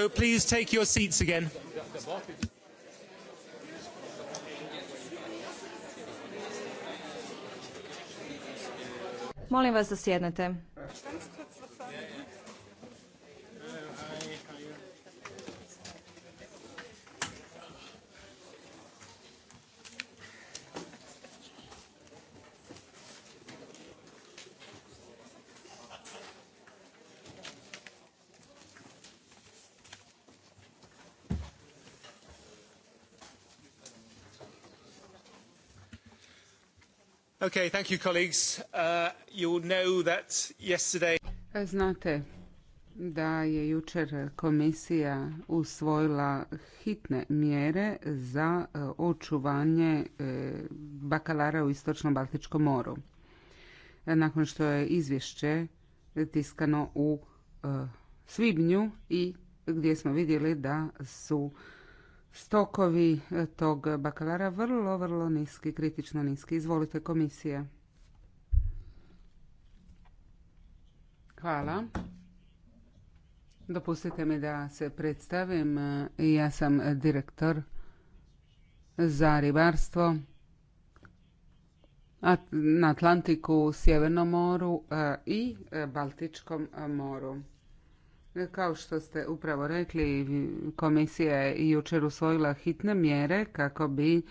please take your seats again. Molim vas da sjednete. Okay, thank uh, e, Znate da je jučer komisija usvojila hitne mjere za e, očuvanje e, bakalara u Istočnom Baltičkom moru. Nakon što je izvješće tiskano u svibnju i gdje smo vidjeli da su stokovi e, tog bakalara vrlo, vrlo niski, kritično niski. Izvolite komisije. Hvala. Dopustite mi da se predstavim. E, ja sam direktor za ribarstvo na Atlantiku, Sjevernom moru e, i Baltičkom moru. Kao što ste upravo rekli, komisija je jučer usvojila hitne mjere kako bi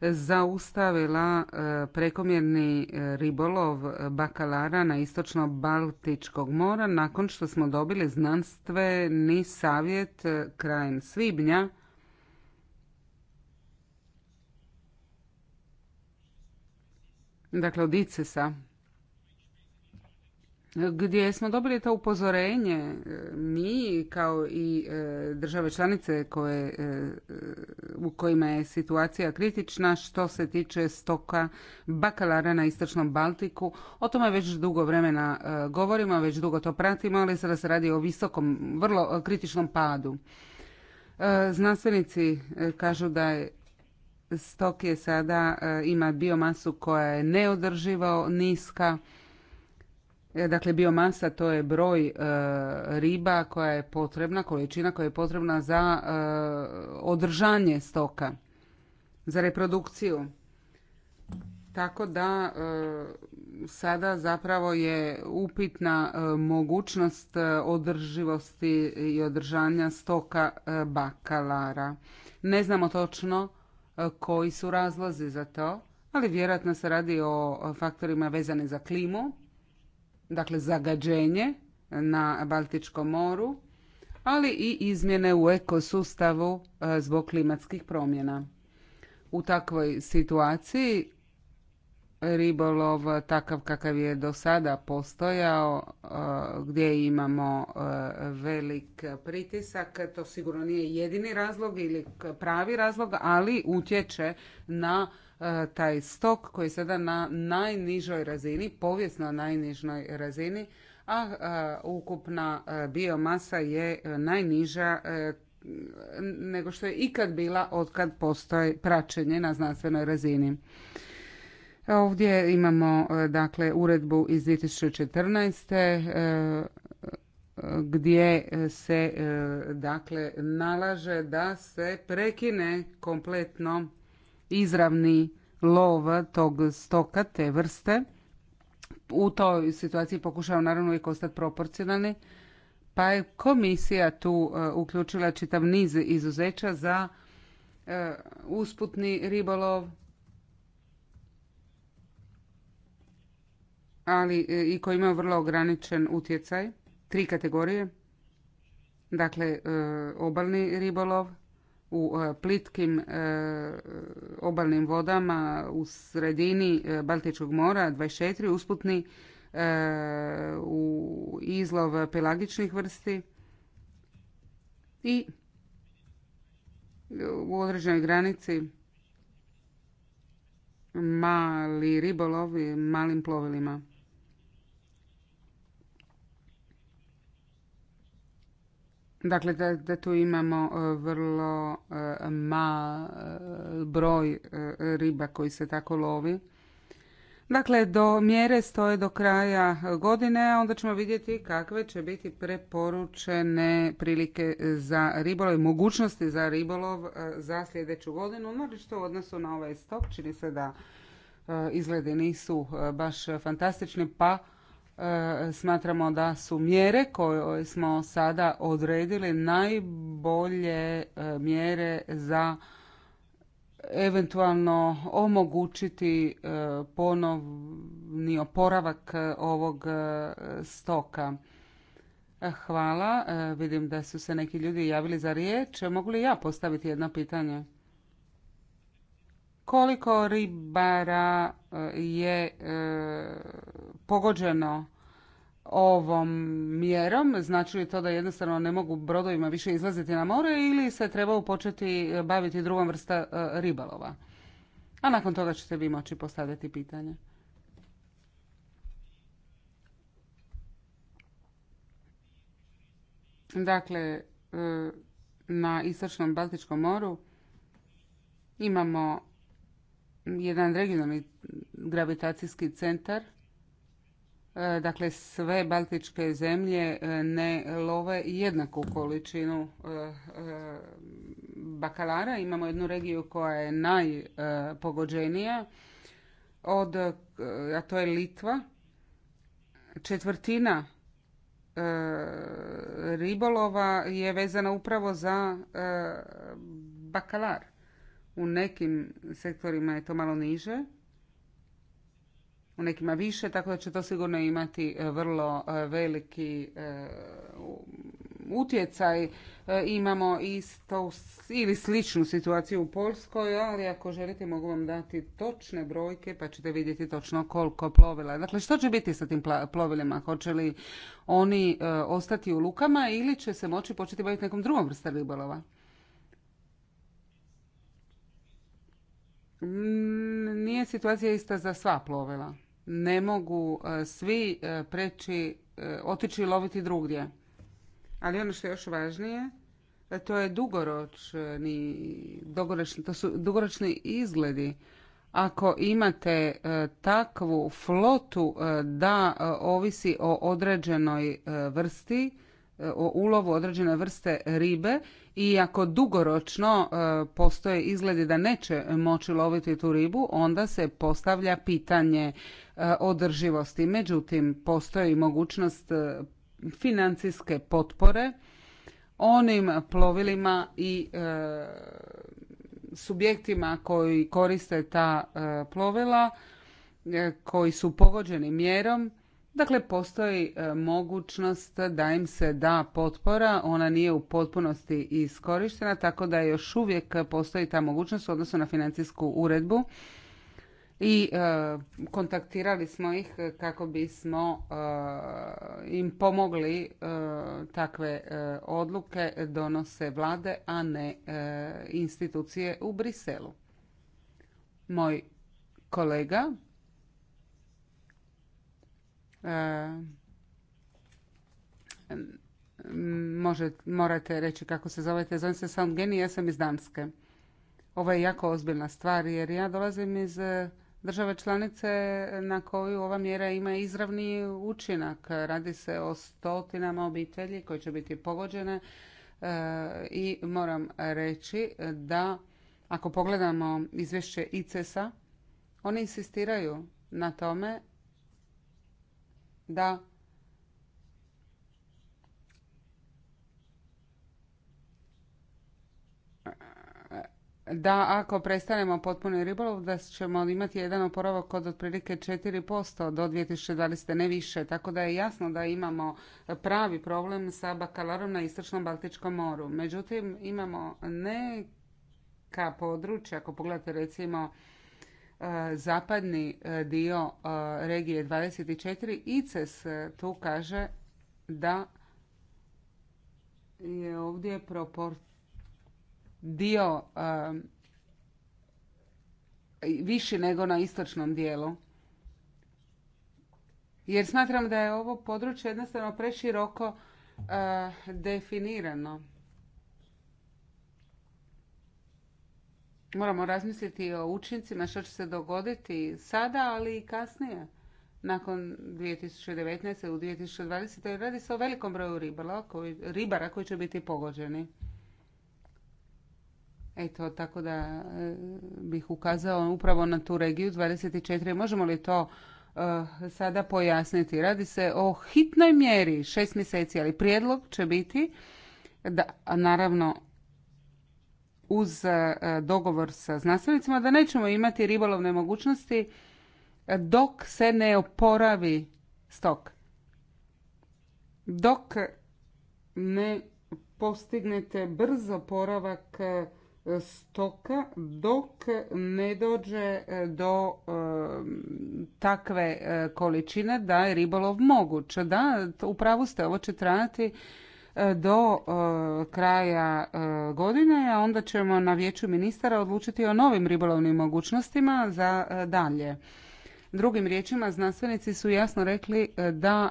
zaustavila e, prekomjerni e, ribolov bakalara na istočno Baltičkog mora nakon što smo dobili znanstveni savjet e, krajem svibnja dakle od ICES-a gdje smo dobili to upozorenje e, mi kao i e, države članice koje, e, u kojima je situacija kritična što se tiče stoka bakalara na Istočnom Baltiku. O tome već dugo vremena govorimo, već dugo to pratimo, ali sada se radi o visokom, vrlo kritičnom padu. Znanstvenici kažu da je stok je sada ima biomasu koja je neodrživo niska E, dakle, biomasa to je broj e, riba koja je potrebna, količina koja je potrebna za e, održanje stoka, za reprodukciju. Tako da sada zapravo je upitna mogućnost održivosti i održanja stoka bakalara. Ne znamo točno koji su razlozi za to, ali vjerojatno se radi o faktorima vezane za klimu dakle zagađenje na Baltičkom moru, ali i izmjene u ekosustavu e, zbog klimatskih promjena. U takvoj situaciji ribolov takav kakav je do sada postojao, e, gdje imamo e, velik pritisak, to sigurno nije jedini razlog ili pravi razlog, ali utječe na E, taj stok koji je sada na najnižoj razini, povijesno najnižoj razini, a e, ukupna e, biomasa je najniža nego što je ikad bila otkad postoje praćenje na znanstvenoj razini. Ovdje imamo dakle uredbu iz 2014 gdje se dakle nalaže da se prekine kompletno izravni lov tog stoka, te vrste. U toj situaciji pokušao naravno uvijek ostati proporcionalni, pa je komisija tu e, uključila čitav niz izuzeća za e, usputni ribolov, ali e, i koji imaju vrlo ograničen utjecaj. Tri kategorije. Dakle, obalni ribolov, u e, plitkim e, obalnim vodama u sredini e, Baltičkog mora 24 usputni u izlov pelagičnih vrsti i u određenoj granici mali ribolov malim plovilima. Dakle, da, da tu imamo e, vrlo e, ma e, broj riba koji se tako lovi. Dakle, do mjere stoje do kraja godine, a onda ćemo vidjeti kakve će biti preporučene prilike za ribolov mogućnosti za ribolov za sljedeću godinu. Naročito u odnosu na ovaj stok, čini se da izglede nisu baš fantastične, pa E, smatramo da su mjere koje smo sada odredili najbolje e, mjere za eventualno omogućiti e, ponovni oporavak ovog stoka. Hvala. Vidim da su se neki ljudi javili za riječ. Mogu li ja postaviti jedno pitanje? Koliko ribara je pogođeno ovom mjerom? Znači li to da jednostavno ne mogu brodovima više izlaziti na more ili se treba početi baviti drugom vrsta e, ribalova? A nakon toga ćete vi moći postaviti pitanje. Dakle, e, na istočnom Baltičkom moru imamo jedan regionalni gravitacijski centar – E, dakle, sve baltičke zemlje e, ne love jednaku količinu e, bakalara. Imamo jednu regiju koja je najpogođenija, od, a to je Litva. Četvrtina ribolova je vezana upravo za bakalar. U nekim sektorima je to malo niže, u nekima više, tako da će to sigurno imati e, vrlo e, veliki e, utjecaj. Imamo isto ili sličnu situaciju u Poljskoj, ali ako želite mogu vam dati točne brojke pa ćete vidjeti točno koliko plovila. Dakle, što će biti sa tim plovilima? Hoće li oni ostati u lukama ili će se moći početi baviti nekom drugom vrstom ribolova? Nije situacija ista za sva plovila ne mogu e, svi e, preći, e, otići i loviti drugdje. Ali ono što je još važnije, to je dugoročni, dugoročni to su dugoročni izgledi. Ako imate takvu flotu da ovisi o određenoj vrsti, o ulovu određene vrste ribe i ako dugoročno postoje izgledi da neće moći loviti tu ribu, onda se postavlja pitanje E, održivosti. Međutim, postoji mogućnost e, financijske potpore onim plovilima i e, subjektima koji koriste ta plovila, koji su pogođeni mjerom, Dakle, postoji mogućnost da im se da potpora, ona nije u potpunosti iskorištena, tako da još uvijek postoji ta mogućnost u odnosu na financijsku uredbu i e, kontaktirali smo ih kako bismo e, im pomogli e, takve odluke donose vlade, a ne institucije u Briselu. Moj kolega Može, morate reći kako se zovete. Zovem se Soundgeni, Geni, ja sam iz Danske. Ovo je jako ozbiljna stvar jer ja dolazim iz države članice na koju ova mjera ima izravni učinak. Radi se o stotinama obitelji koje će biti pogođene e, i moram reći da ako pogledamo izvješće ICES-a, oni insistiraju na tome da da ako prestanemo potpuno ribolov da ćemo imati jedan oporavak od otprilike 4% do 2020. ne više. Tako da je jasno da imamo pravi problem sa bakalarom na Istočnom Baltičkom moru. Međutim, imamo neka područja, ako pogledate recimo e, zapadni e, dio e, regije 24, ICES tu kaže da je ovdje proporcija dio um, viši nego na istočnom dijelu. Jer smatram da je ovo područje jednostavno preširoko uh, definirano. Moramo razmisliti o učincima što će se dogoditi sada, ali i kasnije. Nakon 2019. u 2020. radi se o velikom broju ribara koji, ribara koji će biti pogođeni. Eto, tako da e, bih ukazao upravo na tu regiju 24. Možemo li to e, sada pojasniti? Radi se o hitnoj mjeri, šest mjeseci, ali prijedlog će biti da, naravno, uz e, dogovor sa znanstvenicima da nećemo imati ribolovne mogućnosti dok se ne oporavi stok. Dok ne postignete poravak oporavak stoka dok ne dođe e, do e, takve e, količine da je ribolov moguć. Da, u pravu ste, ovo će trajati do kraja godine, a onda ćemo na vijeću ministara odlučiti o novim ribolovnim mogućnostima za dalje. Drugim riječima, znanstvenici su jasno rekli da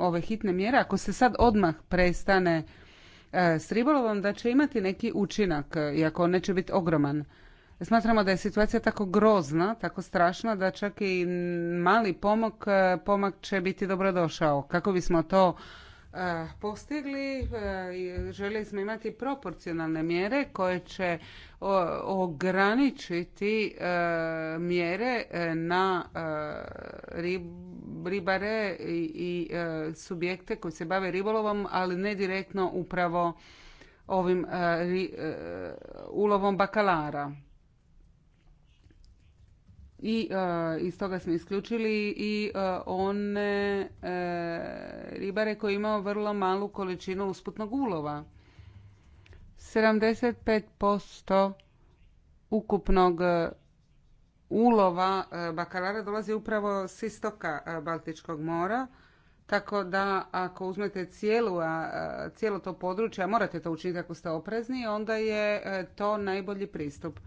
ove hitne mjere, ako se sad odmah prestane E, s ribolovom da će imati neki učinak, e, iako on neće biti ogroman. Smatramo da je situacija tako grozna, tako strašna da čak i mali pomak, e, pomak će biti dobrodošao. Kako bismo to postigli. Želi smo imati proporcionalne mjere koje će ograničiti mjere na ribare i subjekte koji se bave ribolovom, ali ne direktno upravo ovim ulovom bakalara i e, iz toga smo isključili i e, one e, ribare koji imaju vrlo malu količinu usputnog ulova. 75% ukupnog ulova bakalara dolazi upravo s istoka Baltičkog mora. Tako da ako uzmete cijelu, cijelo to područje, a morate to učiniti ako ste oprezni, onda je to najbolji pristup.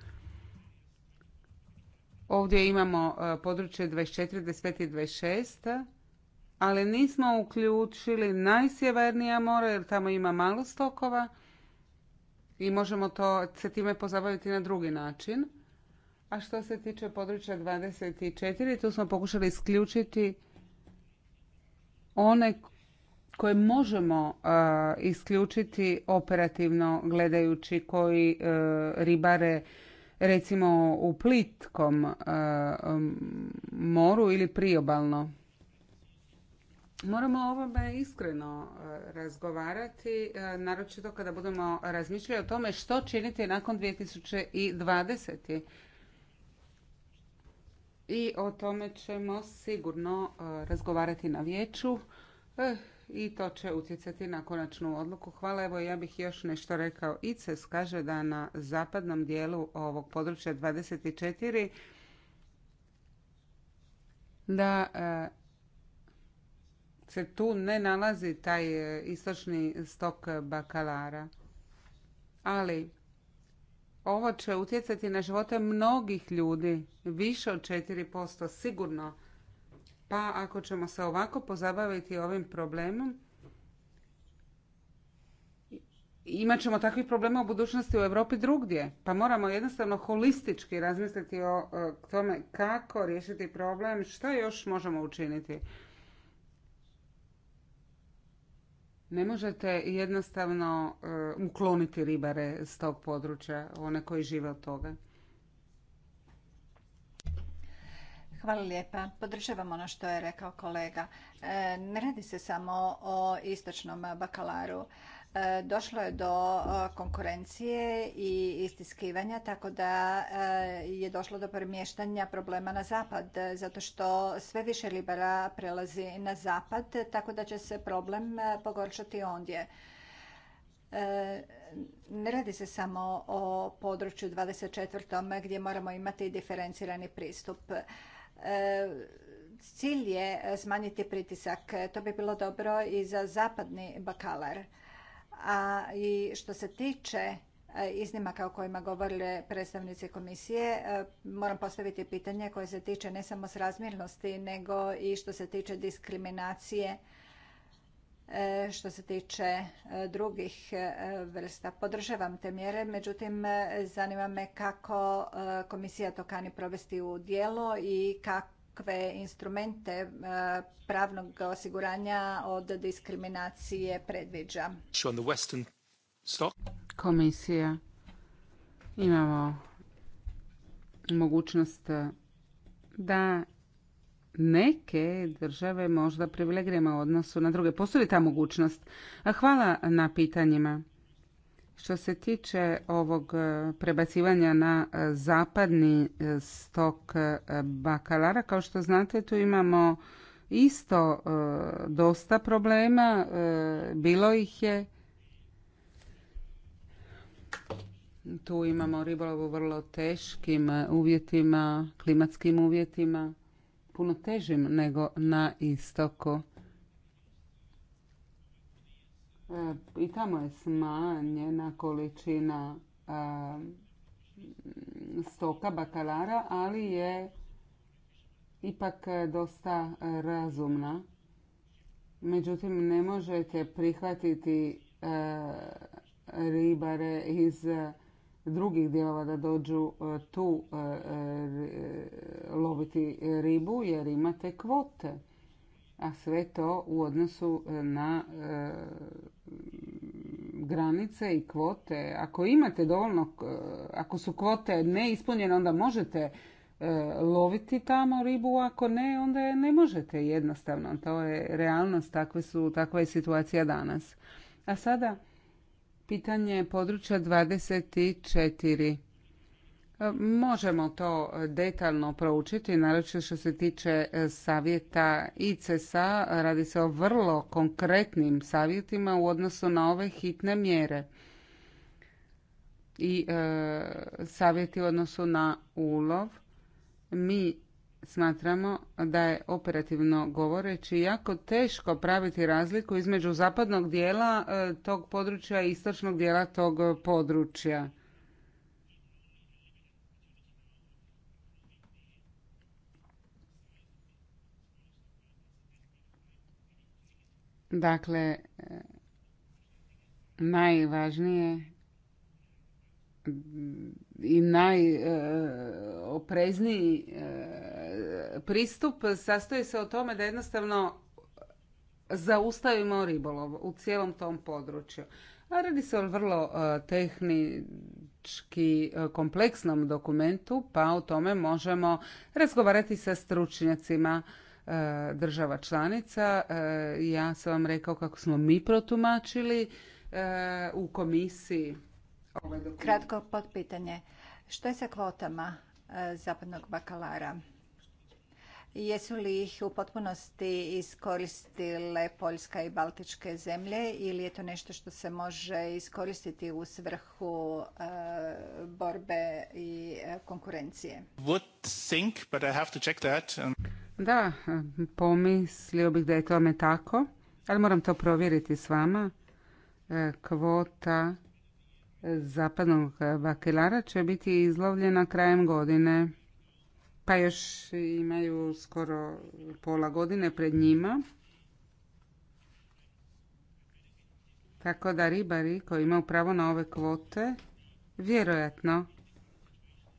Ovdje imamo e, područje 24, 25 i 26, ali nismo uključili najsjevernija mora jer tamo ima malo stokova i možemo to se time pozabaviti na drugi način. A što se tiče područja 24, tu smo pokušali isključiti one koje možemo e, isključiti operativno gledajući koji e, ribare recimo u plitkom e, moru ili priobalno. Moramo o ovome iskreno e, razgovarati, e, naročito kada budemo razmišljali o tome što činiti nakon 2020. I o tome ćemo sigurno razgovarati na vijeću. Eh, i to će utjecati na konačnu odluku. Hvala, evo ja bih još nešto rekao. ICES kaže da na zapadnom dijelu ovog područja 24 da e, se tu ne nalazi taj e, istočni stok bakalara. Ali ovo će utjecati na živote mnogih ljudi, više od 4% sigurno pa ako ćemo se ovako pozabaviti ovim problemom, imat ćemo takvih problema u budućnosti u Europi drugdje. Pa moramo jednostavno holistički razmisliti o, e, tome kako riješiti problem, što još možemo učiniti. Ne možete jednostavno e, ukloniti ribare s tog područja, one koji žive od toga. Hvala lijepa. Podržavam ono što je rekao kolega. E, ne radi se samo o istočnom bakalaru. E, došlo je do e, konkurencije i istiskivanja, tako da je došlo do premještanja problema na zapad, zato što sve više libera prelazi na zapad, tako da će se problem pogoršati ondje. Ne radi se samo o području 24. gdje moramo imati diferencirani pristup. E, cilj je smanjiti pritisak. To bi bilo dobro i za zapadni bakalar. A i što se tiče e, iznimaka o kojima govorile predstavnici komisije, e, moram postaviti pitanje koje se tiče ne samo srazmjernosti, nego i što se tiče diskriminacije E, što se tiče e, drugih e, vrsta, podržavam te mjere, međutim zanima me kako komisija to kani provesti u djelo i kakve instrumente pravnog osiguranja od diskriminacije predviđa. Komisija imamo mogućnost da neke države možda privilegijama u odnosu na druge. Postoji ta mogućnost? Hvala na pitanjima. Što se tiče ovog e, prebacivanja na e, zapadni e, stok bakalara, kao što znate, tu imamo isto dosta problema. Bilo ih je. Tu imamo ribolovu vrlo teškim uvjetima, klimatskim uvjetima puno težim nego na istoku. E, I tamo je smanjena količina e, stoka bakalara, ali je ipak dosta razumna. Međutim, ne možete prihvatiti e, ribare iz drugih dijelova da dođu e, tu e, e, loviti ribu jer imate kvote. A sve to u odnosu na granice i kvote. Ako imate dovoljno, ako su kvote neispunjene, onda možete loviti tamo ribu, ako ne, onda je ne možete jednostavno. To je realnost, su, takva je situacija danas. A sada Pitanje područja 24. E, možemo to detaljno proučiti, naročito što se tiče e, savjeta ICSA Radi se o vrlo konkretnim savjetima u odnosu na ove hitne mjere i e, savjeti u odnosu na ulov. Mi smatramo da je operativno govoreći jako teško praviti razliku između zapadnog dijela e, tog područja i istočnog dijela tog područja. Dakle, e, najvažnije i najoprezniji e, pristup sastoji se o tome da jednostavno zaustavimo ribolov u cijelom tom području. A radi se o vrlo e, tehnički e, kompleksnom dokumentu, pa o tome možemo razgovarati sa stručnjacima država članica. Ja sam vam rekao kako smo mi protumačili u komisiji Kratko potpitanje. Što je sa kvotama e, zapadnog bakalara? Jesu li ih u potpunosti iskoristile Poljska i Baltičke zemlje ili je to nešto što se može iskoristiti u svrhu e, borbe i e, konkurencije? Da, pomislio bih da je tome tako, ali moram to provjeriti s vama. Kvota zapadnog e, bakelara će biti izlovljena krajem godine. Pa još imaju skoro pola godine pred njima. Tako da ribari koji imaju pravo na ove kvote vjerojatno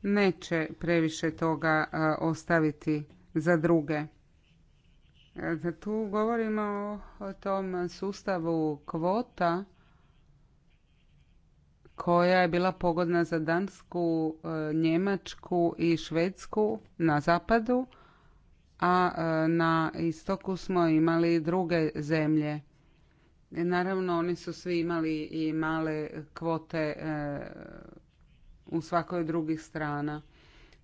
neće previše toga e, ostaviti za druge. E, tu govorimo o tom sustavu kvota koja je bila pogodna za Dansku, e, Njemačku i Švedsku na zapadu, a e, na istoku smo imali druge zemlje. Naravno, oni su svi imali i male kvote e, u svakoj drugih strana.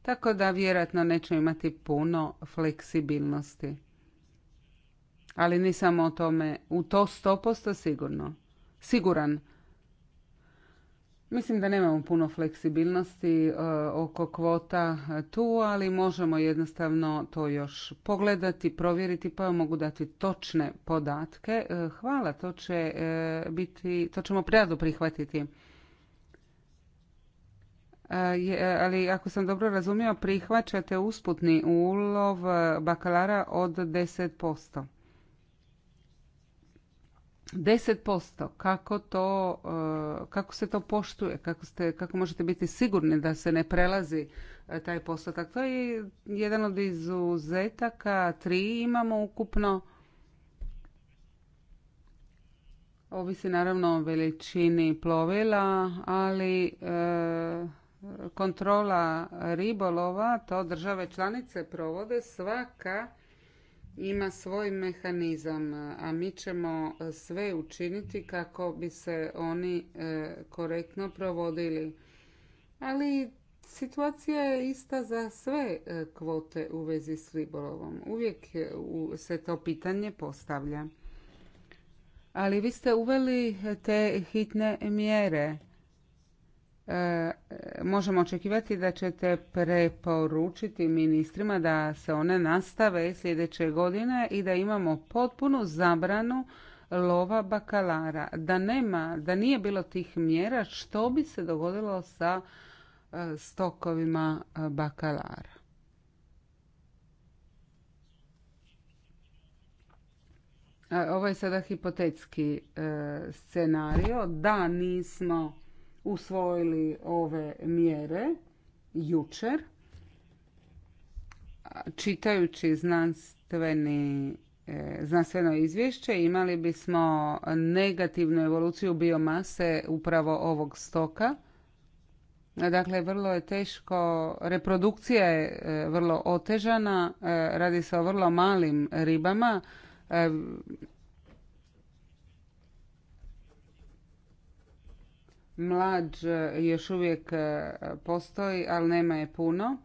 Tako da vjerojatno neće imati puno fleksibilnosti. Ali samo o tome, u to 100% sigurno. Siguran Mislim da nemamo puno fleksibilnosti e, oko kvota e, tu, ali možemo jednostavno to još pogledati, provjeriti, pa mogu dati točne podatke. E, hvala, to će biti, to ćemo prijadu prihvatiti. Ali ako sam dobro razumio, prihvaćate usputni ulov bakalara od 10%. 10%. Kako, to, eh, kako se to poštuje? Kako, kako možete biti sigurni da se ne prelazi eh, taj postotak? To je jedan od izuzetaka. Tri imamo ukupno. Ovisi naravno o veličini plovila, ali eh, kontrola ribolova, to države članice provode svaka ima svoj mehanizam, a mi ćemo e, sve učiniti kako bi se oni e, korektno provodili. Ali situacija je ista za sve e, kvote u vezi s ribolovom. Uvijek se to pitanje postavlja. Ali vi ste uveli te hitne mjere E, e, možemo očekivati da ćete preporučiti ministrima da se one nastave sljedeće godine i da imamo potpunu zabranu lova bakalara. Da nema, da nije bilo tih mjera, što bi se dogodilo sa e, stokovima bakalara? Ovo je sada hipotetski scenario. Da, nismo usvojili ove mjere jučer čitajući znanstveni e, znanstveno izvješće imali bismo negativnu evoluciju biomase upravo ovog stoka. Dakle, vrlo je teško, reprodukcija je e, vrlo otežana, e, radi se o vrlo malim ribama, Mlađ e, još uvijek e, postoji, ali nema je puno.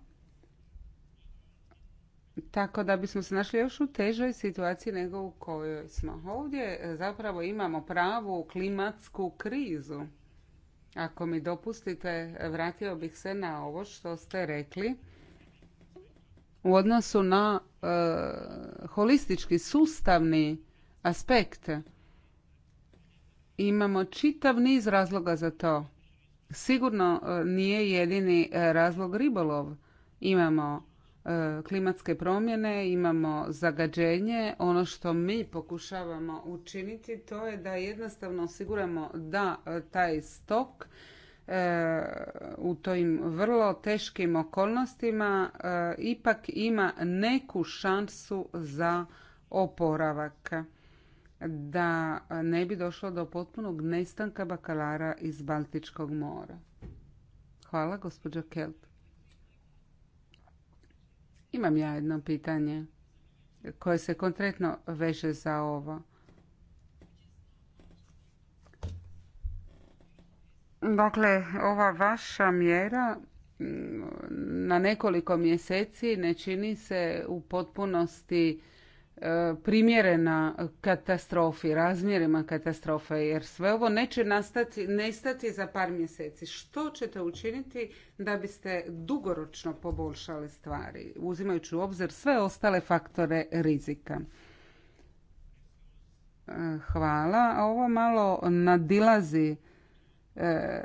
Tako da bismo se našli još u težoj situaciji nego u kojoj smo. Ovdje e, zapravo imamo pravu klimatsku krizu. Ako mi dopustite, vratio bih se na ovo što ste rekli u odnosu na holistički sustavni aspekt Imamo čitav niz razloga za to. Sigurno e, nije jedini e, razlog ribolov. Imamo e, klimatske promjene, imamo zagađenje. Ono što mi pokušavamo učiniti to je da jednostavno osiguramo da taj stok u tojim vrlo teškim okolnostima ipak ima neku šansu za oporavak da ne bi došlo do potpunog nestanka bakalara iz Baltičkog mora. Hvala, gospođo Kelp. Imam ja jedno pitanje koje se konkretno veže za ovo. Dakle, ova vaša mjera mm, na nekoliko mjeseci ne čini se u potpunosti E, primjerena katastrofi, razmjerima katastrofe, jer sve ovo neće nastati, nestati za par mjeseci. Što ćete učiniti da biste dugoročno poboljšali stvari, uzimajući u obzir sve ostale faktore rizika? E, hvala. ovo malo nadilazi e,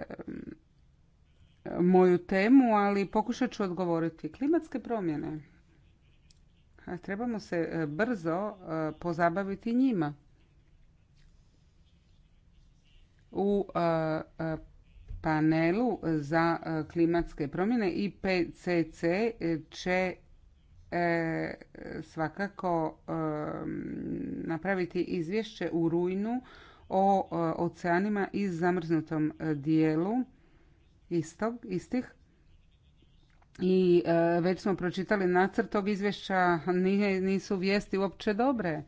moju temu, ali pokušat ću odgovoriti. Klimatske promjene trebamo se e, brzo e, pozabaviti njima. U e, panelu za klimatske promjene IPCC će svakako napraviti izvješće u rujnu o oceanima i zamrznutom dijelu istog, istih i e, već smo pročitali nacrt tog izvješća, nisu vijesti uopće dobre.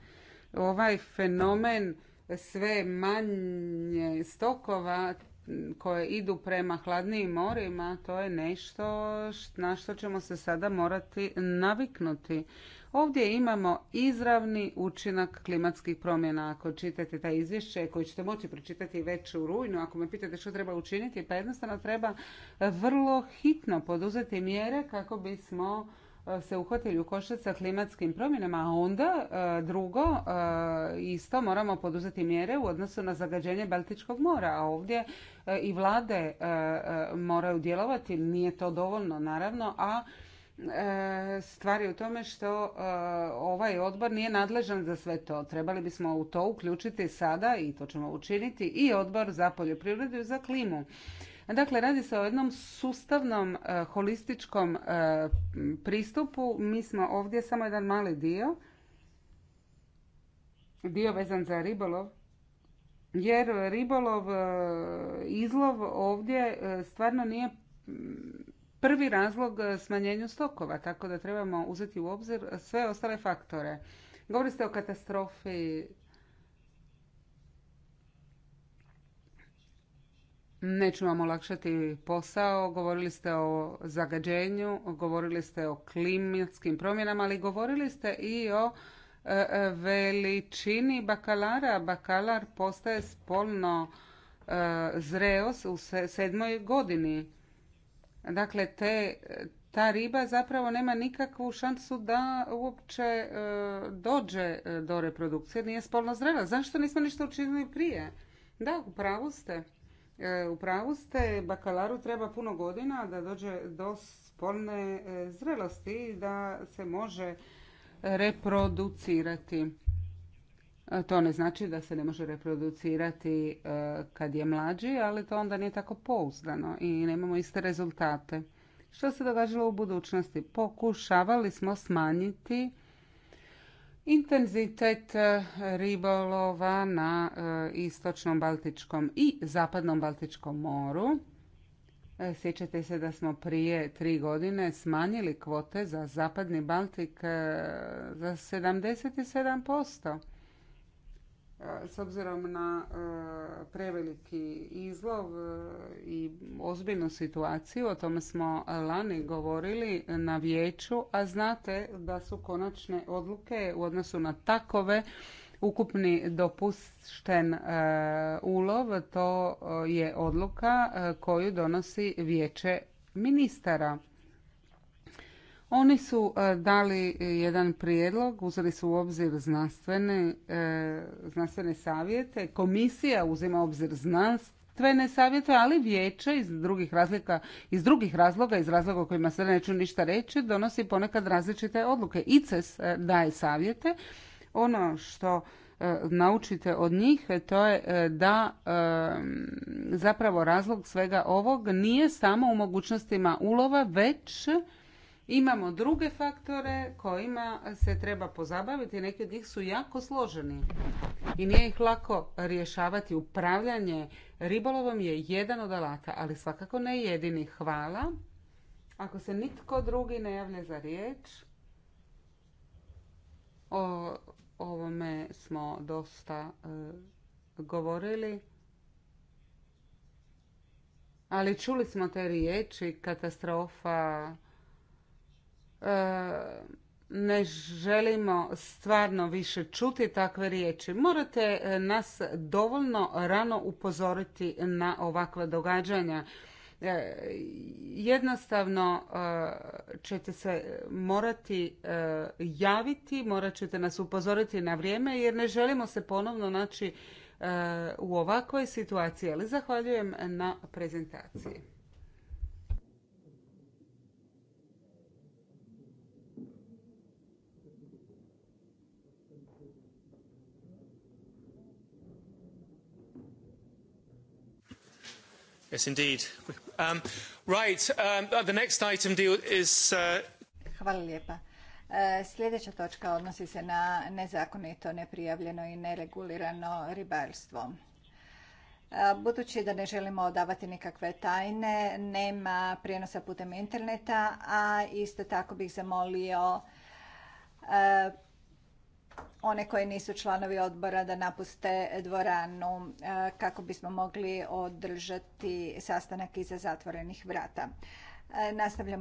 Ovaj fenomen sve manje stokova koje idu prema hladnijim morima, to je nešto na što ćemo se sada morati naviknuti. Ovdje imamo izravni učinak klimatskih promjena. Ako čitate ta izvješće koji ćete moći pročitati već u rujnu, ako me pitate što treba učiniti, pa jednostavno treba vrlo hitno poduzeti mjere kako bismo E, se uhvatili u koštac sa klimatskim promjenama, a onda e, drugo, e, isto moramo poduzeti mjere u odnosu na zagađenje Baltičkog mora, a ovdje i vlade moraju djelovati, nije to dovoljno naravno, a stvar je u tome što ovaj odbor nije nadležan za sve to. Trebali bismo u to uključiti sada, i to ćemo učiniti, i odbor za poljoprivredu i za klimu Dakle, radi se o jednom sustavnom e, holističkom e, pristupu. Mi smo ovdje samo jedan mali dio, dio vezan za ribolov, jer ribolov, e, izlov ovdje stvarno nije prvi razlog smanjenju stokova, tako da trebamo uzeti u obzir sve ostale faktore. Govori ste o katastrofi Neću vam olakšati posao, govorili ste o zagađenju, govorili ste o klimatskim promjenama, ali govorili ste i o e, e, veličini bakalara. Bakalar postaje spolno e, zreos u sedmoj godini. Dakle, te, ta riba zapravo nema nikakvu šansu da uopće dođe do reprodukcije, nije spolno zrela. Zašto nismo ništa učinili prije? Da, u pravu ste. E, u pravu ste, bakalaru treba puno godina da dođe do spolne e, zrelosti i da se može reproducirati. E, to ne znači da se ne može reproducirati kad je mlađi, ali to onda nije tako pouzdano i nemamo iste rezultate. Što se događalo u budućnosti? Pokušavali smo smanjiti intenzitet e, ribolova na e, istočnom Baltičkom i zapadnom Baltičkom moru. E, sjećate se da smo prije tri godine smanjili kvote za zapadni Baltik za 77% s obzirom na e, preveliki izlov e, i ozbiljnu situaciju, o tome smo lani govorili na vijeću, a znate da su konačne odluke u odnosu na takove ukupni dopušten e, ulov, to je odluka koju donosi vijeće ministara. Oni su e, dali jedan prijedlog, uzeli su u obzir znanstvene, e, znanstvene savjete, komisija uzima u obzir znanstvene savjete, ali vijeće iz drugih razlika, iz drugih razloga, iz razloga o kojima se neću ništa reći, donosi ponekad različite odluke. ICES e, daje savjete. Ono što naučite od njih, to je da zapravo razlog svega ovog nije samo u mogućnostima ulova, već Imamo druge faktore kojima se treba pozabaviti, neki od njih su jako složeni i nije ih lako rješavati. Upravljanje ribolovom je jedan od alata, ali svakako ne jedini. Hvala. Ako se nitko drugi ne javlja za riječ, o ovome smo dosta e, govorili. Ali čuli smo te riječi, katastrofa, E, ne želimo stvarno više čuti takve riječi. Morate e, nas dovoljno rano upozoriti na ovakva događanja. E, jednostavno ćete se morati javiti, morat ćete nas upozoriti na vrijeme jer ne želimo se ponovno naći u ovakvoj situaciji. Ali zahvaljujem na prezentaciji. Hvala lijepa. Uh, sljedeća točka odnosi se na nezakonito, neprijavljeno i neregulirano ribarstvo. Uh, budući da ne želimo odavati nikakve tajne, nema prijenosa putem interneta, a isto tako bih zamolio uh, one koje nisu članovi odbora da napuste dvoranu e, kako bismo mogli održati sastanak iza zatvorenih vrata. E, nastavljamo